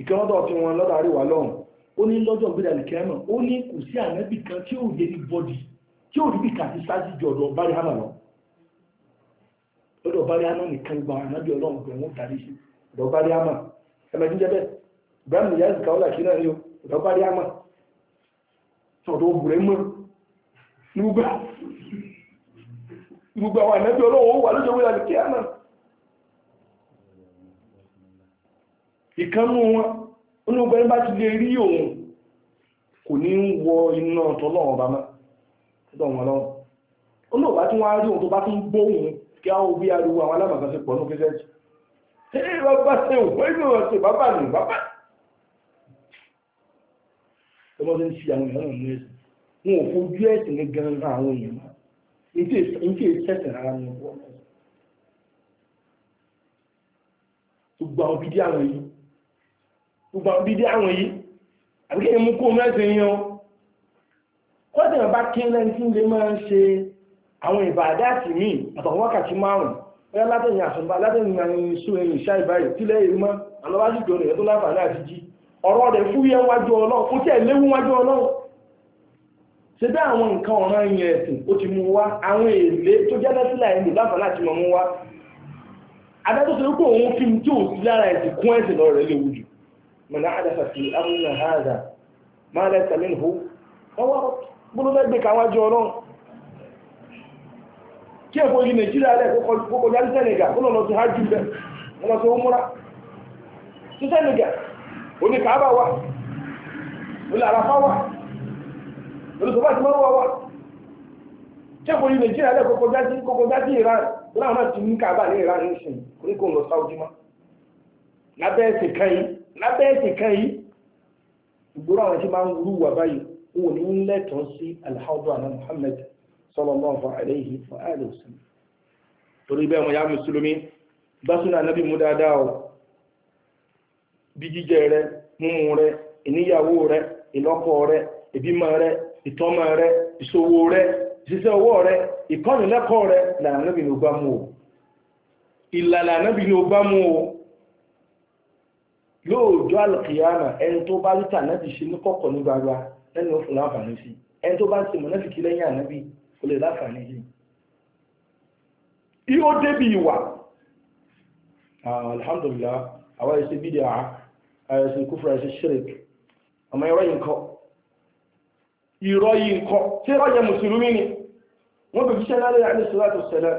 B: ìkànnì ọ̀dọ̀ fi wọn lọ́dọ̀ àríwá lọ́hùn ó ní lọ́jọ́ gbé dàbí ó ní kò sí ànábì kan tí ó yẹ ní bọ́dì tí ó rí bí kàtí sáájú jọ ọ̀dọ̀ bárí hàmà lọ lọ́dọ̀ hàmà nìkan gba ànábì ọlọ́run sí ọ̀dọ̀ hàmà ẹ̀mẹ́ jíjẹ́ bẹ́ẹ̀ ibrahim ìyá ìzìká kí náà ni ọ̀dọ̀ hàmà ọ̀dọ̀ mọ́ gbogbo àwọn ànábì ọlọ́run wà olóògbẹ̀rin bá ti lè rí òun kò ní wọ iná tọ́lọ́wọ́n bá máa olóògbà tí wọ́n rí òun tó bá tún gbóhùn kí á ó bí ariwo ní kẹsẹ̀tì ṣe bàbá ṣe òun ìlú ọ̀sẹ̀ bàbá nù bàbá ọmọdé ń fi àwọn èèyàn náà mú ẹsẹ̀ wọn ò fojú ẹ̀sìn ní gan ra àwọn èèyàn náà nítorí ìṣẹ̀sìn rárá ní ọgbọ́n gbogbo àwọn gbogbo àwọn bídí àwọn yìí àbíkẹ́ mú kó mẹ́sìn yín o kọ́sìnà bá tí lè máa ṣe àwọn ìbàdá àti àtàwọn wákàtí márùn-ún bóyá àwọn nǹkan ọ̀ràn yẹn ẹ̀sìn ó ti mú wá àwọn èlé tó jẹ́ lẹ́sílà ẹni láǹfààní àti mọ̀ mú wá adájọ́ sọ pé òun fi tí ò sí lára ẹ̀sìn kún ẹ̀sìn lọ rẹ̀ léwu jù من عرف في أمر هذا ما ليس منه فهو gbogbo mẹ́gbẹ̀ káwọn jọ ọlọ́run kí ẹ̀kọ́ ilé nàìjíríà rẹ̀ kó kọjá ní sẹ́nìgà kó lọ́nà tó há jù bẹ́ ọ̀nà tó múra sí sẹ́nìgà oníkàábà wà olùlàràfá wà olùsọ́bà ti mọ́wọ́ wà kí ẹ̀kọ́ ilé nàìjíríà lábẹ́ ẹ̀sìn kan yìí ìgboro àwọn tí máa ń wúrú wà báyìí wò ní lẹ́tọ̀ọ́ sí alhaudu ala muhammad sallallahu alayhi wa alihi wa sallam torí bẹ́ẹ̀ wọn yá mùsùlùmí bá súnà nábì mú dáadáa o bí jíjẹ rẹ mímu rẹ ìníyàwó rẹ ìlọ́kọ rẹ ìbímọ rẹ ìtọ́mọ rẹ ìṣòwò rẹ ìṣiṣẹ́ owó rẹ rẹ lóòjọ́ àlùkìyàmà ẹni tó bá rí tànàbì ṣe ní kọ̀kọ̀ ní gbagba lẹ́nu ó fún láǹfààní sí ẹni tó bá ń ṣe mọ̀nàfìkì lẹ́yìn ànábì kò lè láǹfààní sí. ihò débi ìwà alhamdulillah àwa ẹsẹ bídíà ẹsẹ kúfúrà ẹsẹ ọmọ yìí nkọ ìrọ yìí nkọ tí ìrọ yẹ mùsùlùmí ni wọn bẹ fi ṣẹlẹ̀ alẹ alẹ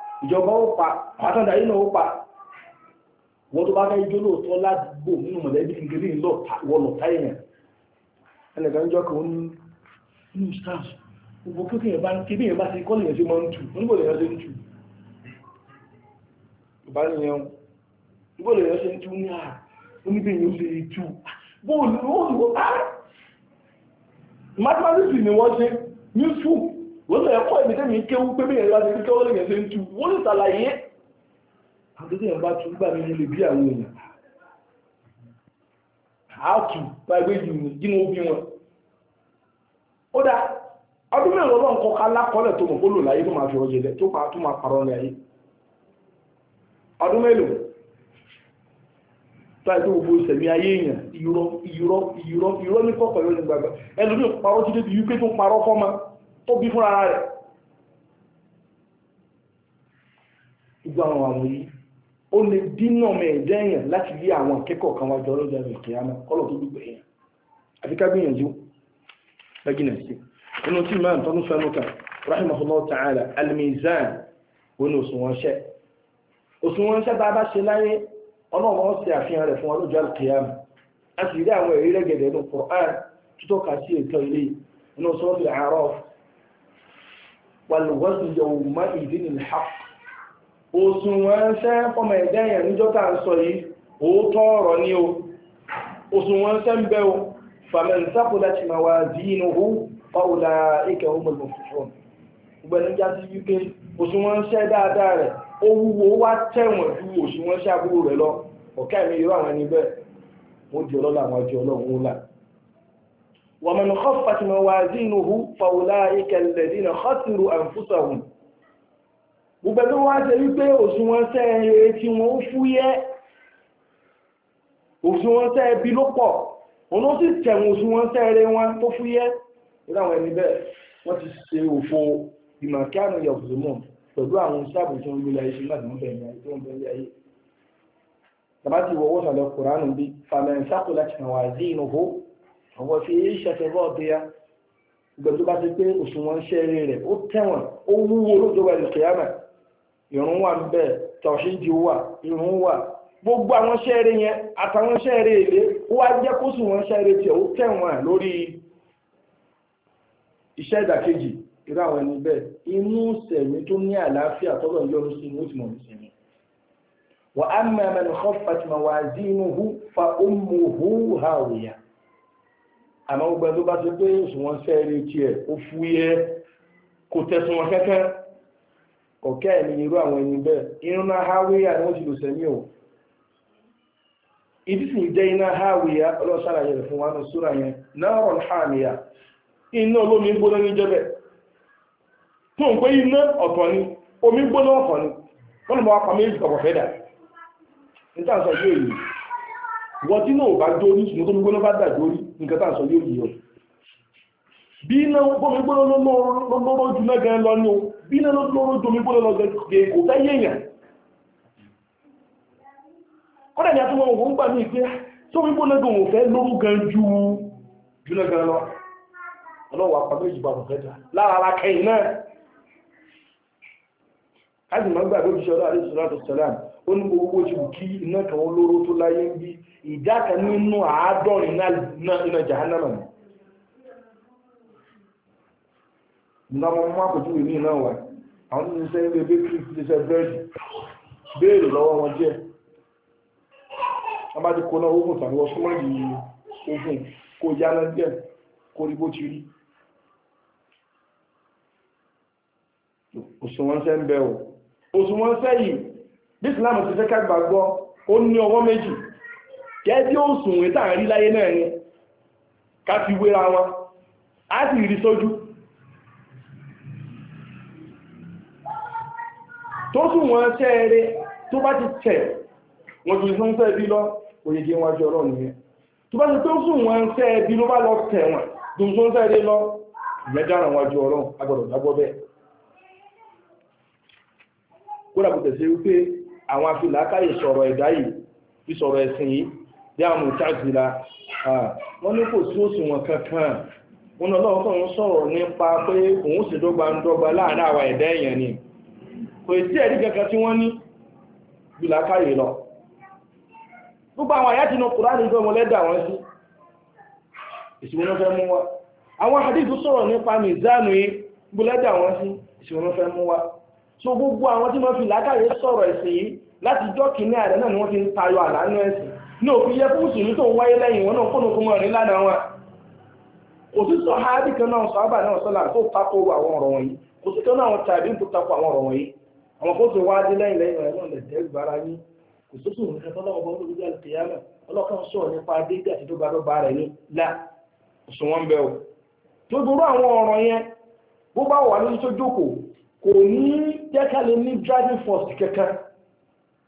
B: ìjọba ó pa àtọ́dà yìí náà ó pa wọ́n tó bá fẹ́ ijó lóòótọ́ ládùúgbò nínú mọ̀lẹ́bí kékeré ń lọ wọlọ táyẹ̀yàn ẹnìkan jọ kan ní ní stars gbogbo kí kéèyàn bá kébí yẹn bá ti kọ́ lèyàn sí máa ń tù níbo lèyàn ṣe ń tù ni wọ́n ṣe wọ́n sọ ẹ̀kọ́ ìbí tẹ́mi nkewu wú pé bí ẹ̀rọ ti kéwọ́ lè gẹ̀ẹ́sẹ̀ wọ́n lè ṣàlàyé àtúntò yẹn bá gbà mí lè bí àwọn èèyàn àátù bá jù jínú bí wọn ó dá ọdún mẹ́rin tó lò láyé tó máa fi ọjẹ́ tó tó máa parọ́ ní ayé ọdún tó àìsí gbogbo ayé èèyàn ní tó bí fún ara rẹ̀ gbogbo àwọn àwọn yìí ó lè dínà mẹ́ẹ̀dẹ́ èèyàn láti rí àwọn akẹ́kọ̀ọ́ kan wájọ ọlọ́jà rẹ̀ kìí àmà kọ́lọ̀ tó gbogbo èèyàn àti ká gbìyànjú lẹ́gìnà sí inú tí máa ń tọ́nú fẹ́nu kan rahimahullahu ta'ala al-mizan oní òṣùwọ̀n ṣẹ́ òṣùwọ̀n ṣẹ́ bá bá ṣe láyé ọlọ́run ó ṣe àfihàn rẹ̀ fún ọlọ́jọ́ alkiyama a sì rí àwọn èrí rẹ̀gẹ̀dẹ̀ nù Qur'an títọ́ka sí ètò ilé inú sọ́ọ̀tì A'raf wàlúwọ́sù yawma idinil haqq òsùn wọn ṣẹ́ fọmọ ẹ̀dẹ́ yẹn níjọ́ta ń sọ yìí òótọ́ ọ̀rọ̀ ní o òsùn wọn ṣẹ́ ń bẹ́ o faman saqulat mawazinuhu fa ulaika humul muflihun gbẹ̀nìjà ti wípé òsùn wọn ومن خفت موازينه فأولئك الذين خسروا أنفسهم gbogbo tó wá ṣe wípé òṣùwọ̀n ṣẹ́ eré tí wọ́n fúyẹ́ òṣùwọ̀n ṣẹ́ ẹbí ló pọ̀ òun ó sì tẹ̀wọ̀n òṣùwọ̀n ṣẹ́ eré wọn tó fúyẹ́ ìdáwọn ẹni bẹ́ẹ̀ wọ́n ti ṣe òfo ìmọ̀kánù yọ̀bùsùmọ̀ pẹ̀lú àwọn sáàbù tó ń gbé láyé ṣe láti mọ́bẹ̀ ìrìn àìtó ń bẹ̀ ilé ayé tàbátì wọ́wọ́ sàlẹ̀ kùránù bí fàmẹ́ ìsákòlá ti hàn wà sí ìnùhó àwọn fi ṣẹ̀fẹ̀ bọ́ọ̀dù ya gbẹ̀rù tó bá ti pé òṣùwọ̀n iṣẹ́ eré rẹ̀ ó tẹ̀wọ̀n ó wúwo lójúwà ìlú kìyàmà ìrún wà ń bẹ̀ tọ̀ṣíjì wà ìrún wà gbogbo àwọn iṣẹ́ eré yẹn àtàwọn iṣẹ́ eré èlé ó wá jẹ́ kó sùn wọn iṣẹ́ tiẹ̀ ó tẹ̀wọ̀n lórí iṣẹ́ ìdàkejì irú àwọn ẹni bẹ́ẹ̀ inú sẹ̀mí tó ní àlàáfíà tọ́lọ̀ yọrù sí ní òtún ọ̀rùn sẹ̀mí wà á mẹ́mẹ́nu khaffat mawazinuhu fa ummuhu hawiya àmọ́ gbogbo ẹni tó bá ti pé òṣùwọ̀n sẹ́ẹ̀rì tiẹ̀ ó fúyẹ́ kò tẹ̀sùn wọn kankan ọ̀kẹ́ ẹ̀mí irú àwọn ẹni bẹ́ẹ̀ iná háwíyà ni o ibi sì jẹ́ iná háwíyà ọlọ́sàlàyé rẹ̀ fún wa ní súra yẹn náírà hàmìyà iná olómi gbóná ní jẹ́bẹ̀ tó ń pé iná ọ̀tọ̀ ni omi gbóná ọ̀tọ̀ ni wọ́n lè apá méjì fẹ́ dà yóò yìí wọ́n tí náà bá dórí ṣùgbọ́n tó ń gbóná nǹkan tá à ń sọ yóò yíyọ bí iná bómi gbọ́dọ̀ lọ́rọ́ jù náà gan lọ ní o bí iná lọ́rọ́ jù omi gbọ́dọ̀ lọ gẹ̀ kò fẹ́ yéèyàn kọ́dà ní àtúnwọ̀n òun ń gbà ní ìpé sómi gbọ́dọ̀ gan òun fẹ́ lórú gan ju jù náà gan lọ ọlọ́wọ́ apàgbé ìjìbà kò fẹ́ jà lára ara kẹyìn náà káàdì máa gbà lójúṣọ́ láàrin sọ́lá ó ní gbogbo oṣù kí iná kan olóró tó láyé ń bí ìdá kan nínú àádọ́rin náà iná jahannama ni ìgbàmọ́ mọ́ àpòjú ìní náà wà àwọn ní iṣẹ́ ilé bakery iṣẹ́ bẹ́ẹ̀dì béèrè lọ́wọ́ wọn jẹ́ wọ́n ogun bí islam ti fẹ́ ká ó ní ọwọ́ méjì kẹ́ẹ̀dí òsùnwé tààrí láyé náà ni ká fi wéra wọn á sì rí sójú tó sùn tó bá ti tẹ̀ wọ́n jù bí lọ òyèdè wọn jọ nìyẹn tó bá ti tó sùn lọ tẹ̀ wọn rí lọ wọn jọ agbọ̀dọ̀ bẹ́ẹ̀ kó àwọn afilàákàyè sọ̀rọ̀ ẹ̀dá yìí bí sọ̀rọ̀ ẹ̀sìn yìí bí àwọn ìtàzìlá wọ́n ní kò sí òṣùwọ̀n kankan wọn lọ́wọ́ kan ń sọ̀rọ̀ nípa pé òun sì dọ́gba ń dọ́gba láàrin àwa ẹ̀dá èèyàn ni kò sí ẹ̀rí kankan tí wọ́n ní bí làákàyè lọ gbogbo àwọn àyájú inú kùránì gbé wọn lẹ́dà wọn sí ìṣòwò so gbogbo àwọn tí wọ́n fi làákàyè sọ̀rọ̀ ẹ̀sìn yìí láti jọ́ kìíní ààrẹ náà ni wọ́n fi ń tayọ àlànà ẹ̀sìn ní òfin yẹ fún mùsùlùmí tó wáyé lẹ́yìn wọn náà kónú kó mọ̀ rìn lánàá wọn kò sí sọ hábì kan náà sọ́ábà náà sọ́là tó tako àwọn ọ̀rọ̀ wọ̀nyí kò tàbí àwọn ọ̀rọ̀ wọ̀nyí àwọn kó wọn o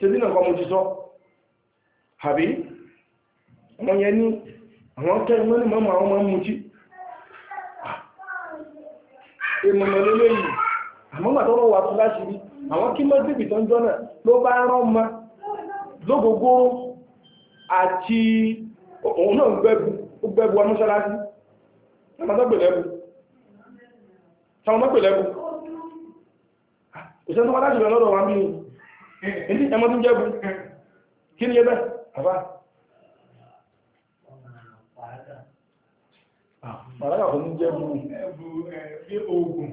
B: tẹ́bí náà kọ́ mo ti sọ àbí ọmọ yẹn ní àwọn tẹ́ ìmọ́ ní mọ́mọ́ àwọn máa ń mutí ìmọ̀mọ̀ lélẹ́ yìí àmọ́ màtọ́ lọ wà tó láti rí àwọn kí mọ́sílì tó ń jọ́nà ló bá rán ma lógógó àti òun náà gbẹ́gbù amúṣáláṣí táwọn mọ́pẹ̀lẹ́gbù òṣèlú wọ́n láti rẹ̀ lọ́dọ̀ wa mí ẹni ẹmọ ah, tó ń jẹ́ bùn kí ni ẹbẹ́ bàbá bàbá kò ní jẹ́ bùn bí oògùn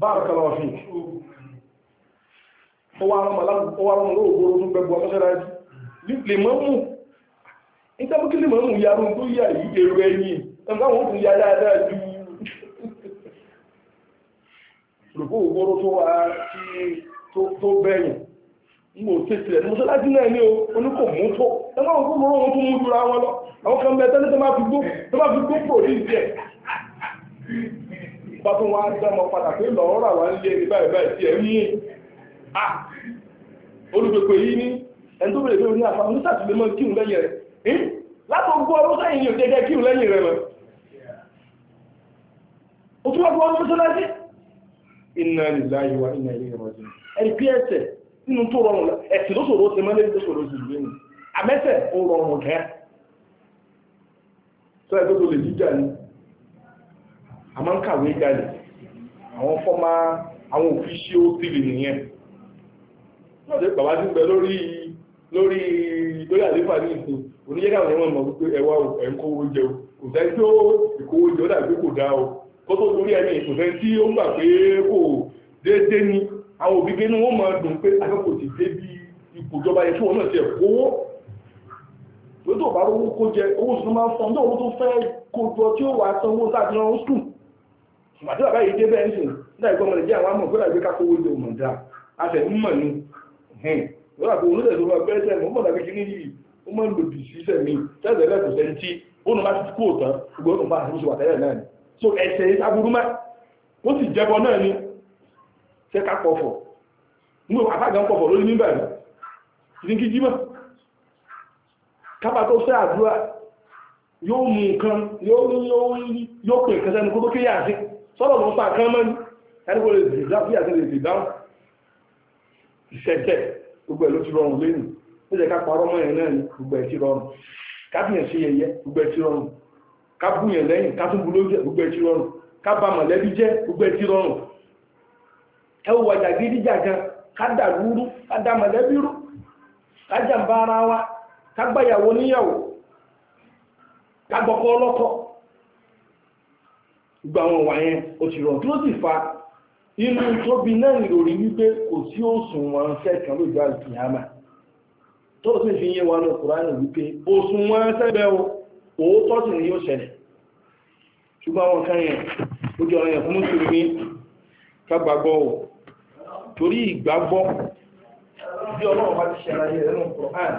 B: báàrù kọlọ ọ̀fìn ó wà rọmọ lóògbòrò tó gbẹgbọ ọmọṣẹ́rájú lè ju mo tètè ẹ̀ mọ́sálásí náà ní oníkò mú tó ẹ máa gbogbo ọ̀rọ̀ wọn tó mú jura wọn lọ àwọn kan bẹ́ẹ̀ tẹ́lẹ̀ tó máa fi gbó tó máa fi gbó pò ní ìjẹ́ bá tó wá dámọ̀ padà pé lọ́rọ̀ rà wá nílé ní báyìí báyìí tí ẹ̀ ń yín à olùpèpè yìí ní ẹni tó bèrè pé oní àfa ní sàtìlẹ́ mọ́ kíhùn lẹ́yìn rẹ̀ látò gbó ọdún sẹ́yìn yóò jẹ́jẹ́ kíhùn lẹ́yìn rẹ̀ mọ́ o tún wá gbọ́ ọdún mọ́sálásí inna lillahi wa inna ilayhi raji'un ẹni nínú tó rọrùn ẹ̀sìn ló ṣòro ti mọ́lé ló ṣòro jùlọ nínú àmẹ́sẹ̀ ó rọrùn kẹ́ sọ ẹ̀ tó tó lè jíjà ni a máa ń kàwé jalè àwọn fọ́mà àwọn òfíṣíò tìlì nìyẹn lọ́dẹ bàbá ti ń lórí lórí lórí àléfà ní ìsìn oníjẹ́gà àwọn ẹ̀wọ̀n mọ̀ ẹwà ẹ̀ jẹ o kò sẹ́ni tí ó ìkówó jẹ ó dàbí kò dá o kó tó torí ẹni kò sẹ́ni tí ó ń gbà pé kò déédéé ni àwọn òbí gẹ́nu wọ́n máa dùn pé akẹ́kọ̀ọ́ ti dé bí ipò ìjọba yẹ kí wọ́n náà ti ẹ̀kọ́ owó tó tó bá rówó kó jẹ owó tó máa fọ́n tó owó tó fẹ́ kó jọ tí ó wà san owó sáà náà ń sùn àti bàbá yìí dé bẹ́ẹ̀ ń sùn náà ìgbọ́mọ lè jẹ́ àwọn amọ̀ fẹ́rẹ̀ gbé kákó owó jẹ òmọ̀ dáa a fẹ́ ń mọ̀ ní lọ́la tó olóòtú ẹ̀sọ́ máa bẹ́ẹ̀ sẹ́mi ó mọ̀ dàbí kíní yìí ó máa ń lò bì sí sẹ́mi tẹ́sẹ̀ rẹ̀ kò sẹ́ńtì ó nù bá ti kú òtán ṣùgbọ́n ṣe ká pọ̀fọ̀ nígbò àfáàgán pọ̀fọ̀ lórí nígbà rí ní kí jímọ̀ kápá tó fẹ́ àdúrà yóò mú nǹkan yóò pè nǹkan sẹ́nu kó tó kéyà sí sọ́rọ̀ mọ́ pa kan mọ́ ní ẹnìkó lè dì dáhùn ìṣẹ̀tẹ̀ gbogbo ẹ̀ ló ti rọrùn lẹ́nu ó jẹ́ ká parọ́ mọ́ yẹn náà ní gbogbo ẹ̀ ti rọrùn ká bìyàn sí yẹyẹ gbogbo ẹ̀ ti rọrùn ká bùyàn lẹ́yìn ká tún bu lójú gbogbo ẹ̀ ti rọrùn ká ba mọ̀lẹ́bí jẹ́ gbogbo ẹ̀ ti rọrùn ẹwọ jàgídíjàgan kádà rúrú kádà mọ̀lẹ́bí rú kájàmbá ara wa kágbàyàwó níyàwó kágbọ́kọ́ ọlọ́kọ́ gbogbo àwọn wà òṣìrọ̀ tí sì fa inú tó bí náà ìròrí wípé kò sí òsùn wọn ṣẹ́ kan lójú àìkìyàmà fi yé wọn ní wípé òsùn wọn ṣẹ́ bẹ́ o òótọ́ sì ni yóò ṣẹlẹ̀ ṣùgbọ́n kan yẹn ó jọ yẹn fún torí ìgbàgbọ́
A: bí ọlọ́run bá ti ṣe àlàyé rẹ̀
B: nínú Qur'an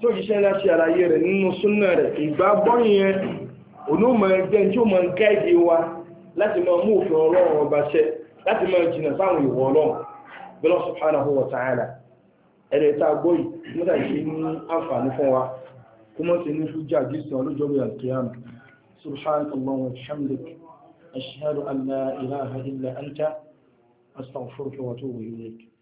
B: tó yìí ṣe láti àlàyé rẹ̀ nínú súnà rẹ̀ ìgbàgbọ́ yẹn olóòmọ̀ ẹgbẹ́ tí ó mọ̀ ń gáìdì wa láti máa mú òfin ọlọ́run ọba ṣẹ láti máa jìnà sáwọn ìwọ ọlọ́run bẹ́lọ́ subhanahu wa ta'ala ẹ̀rẹ̀ tá a gbọ́ yìí أستغفرك وأتوب إليك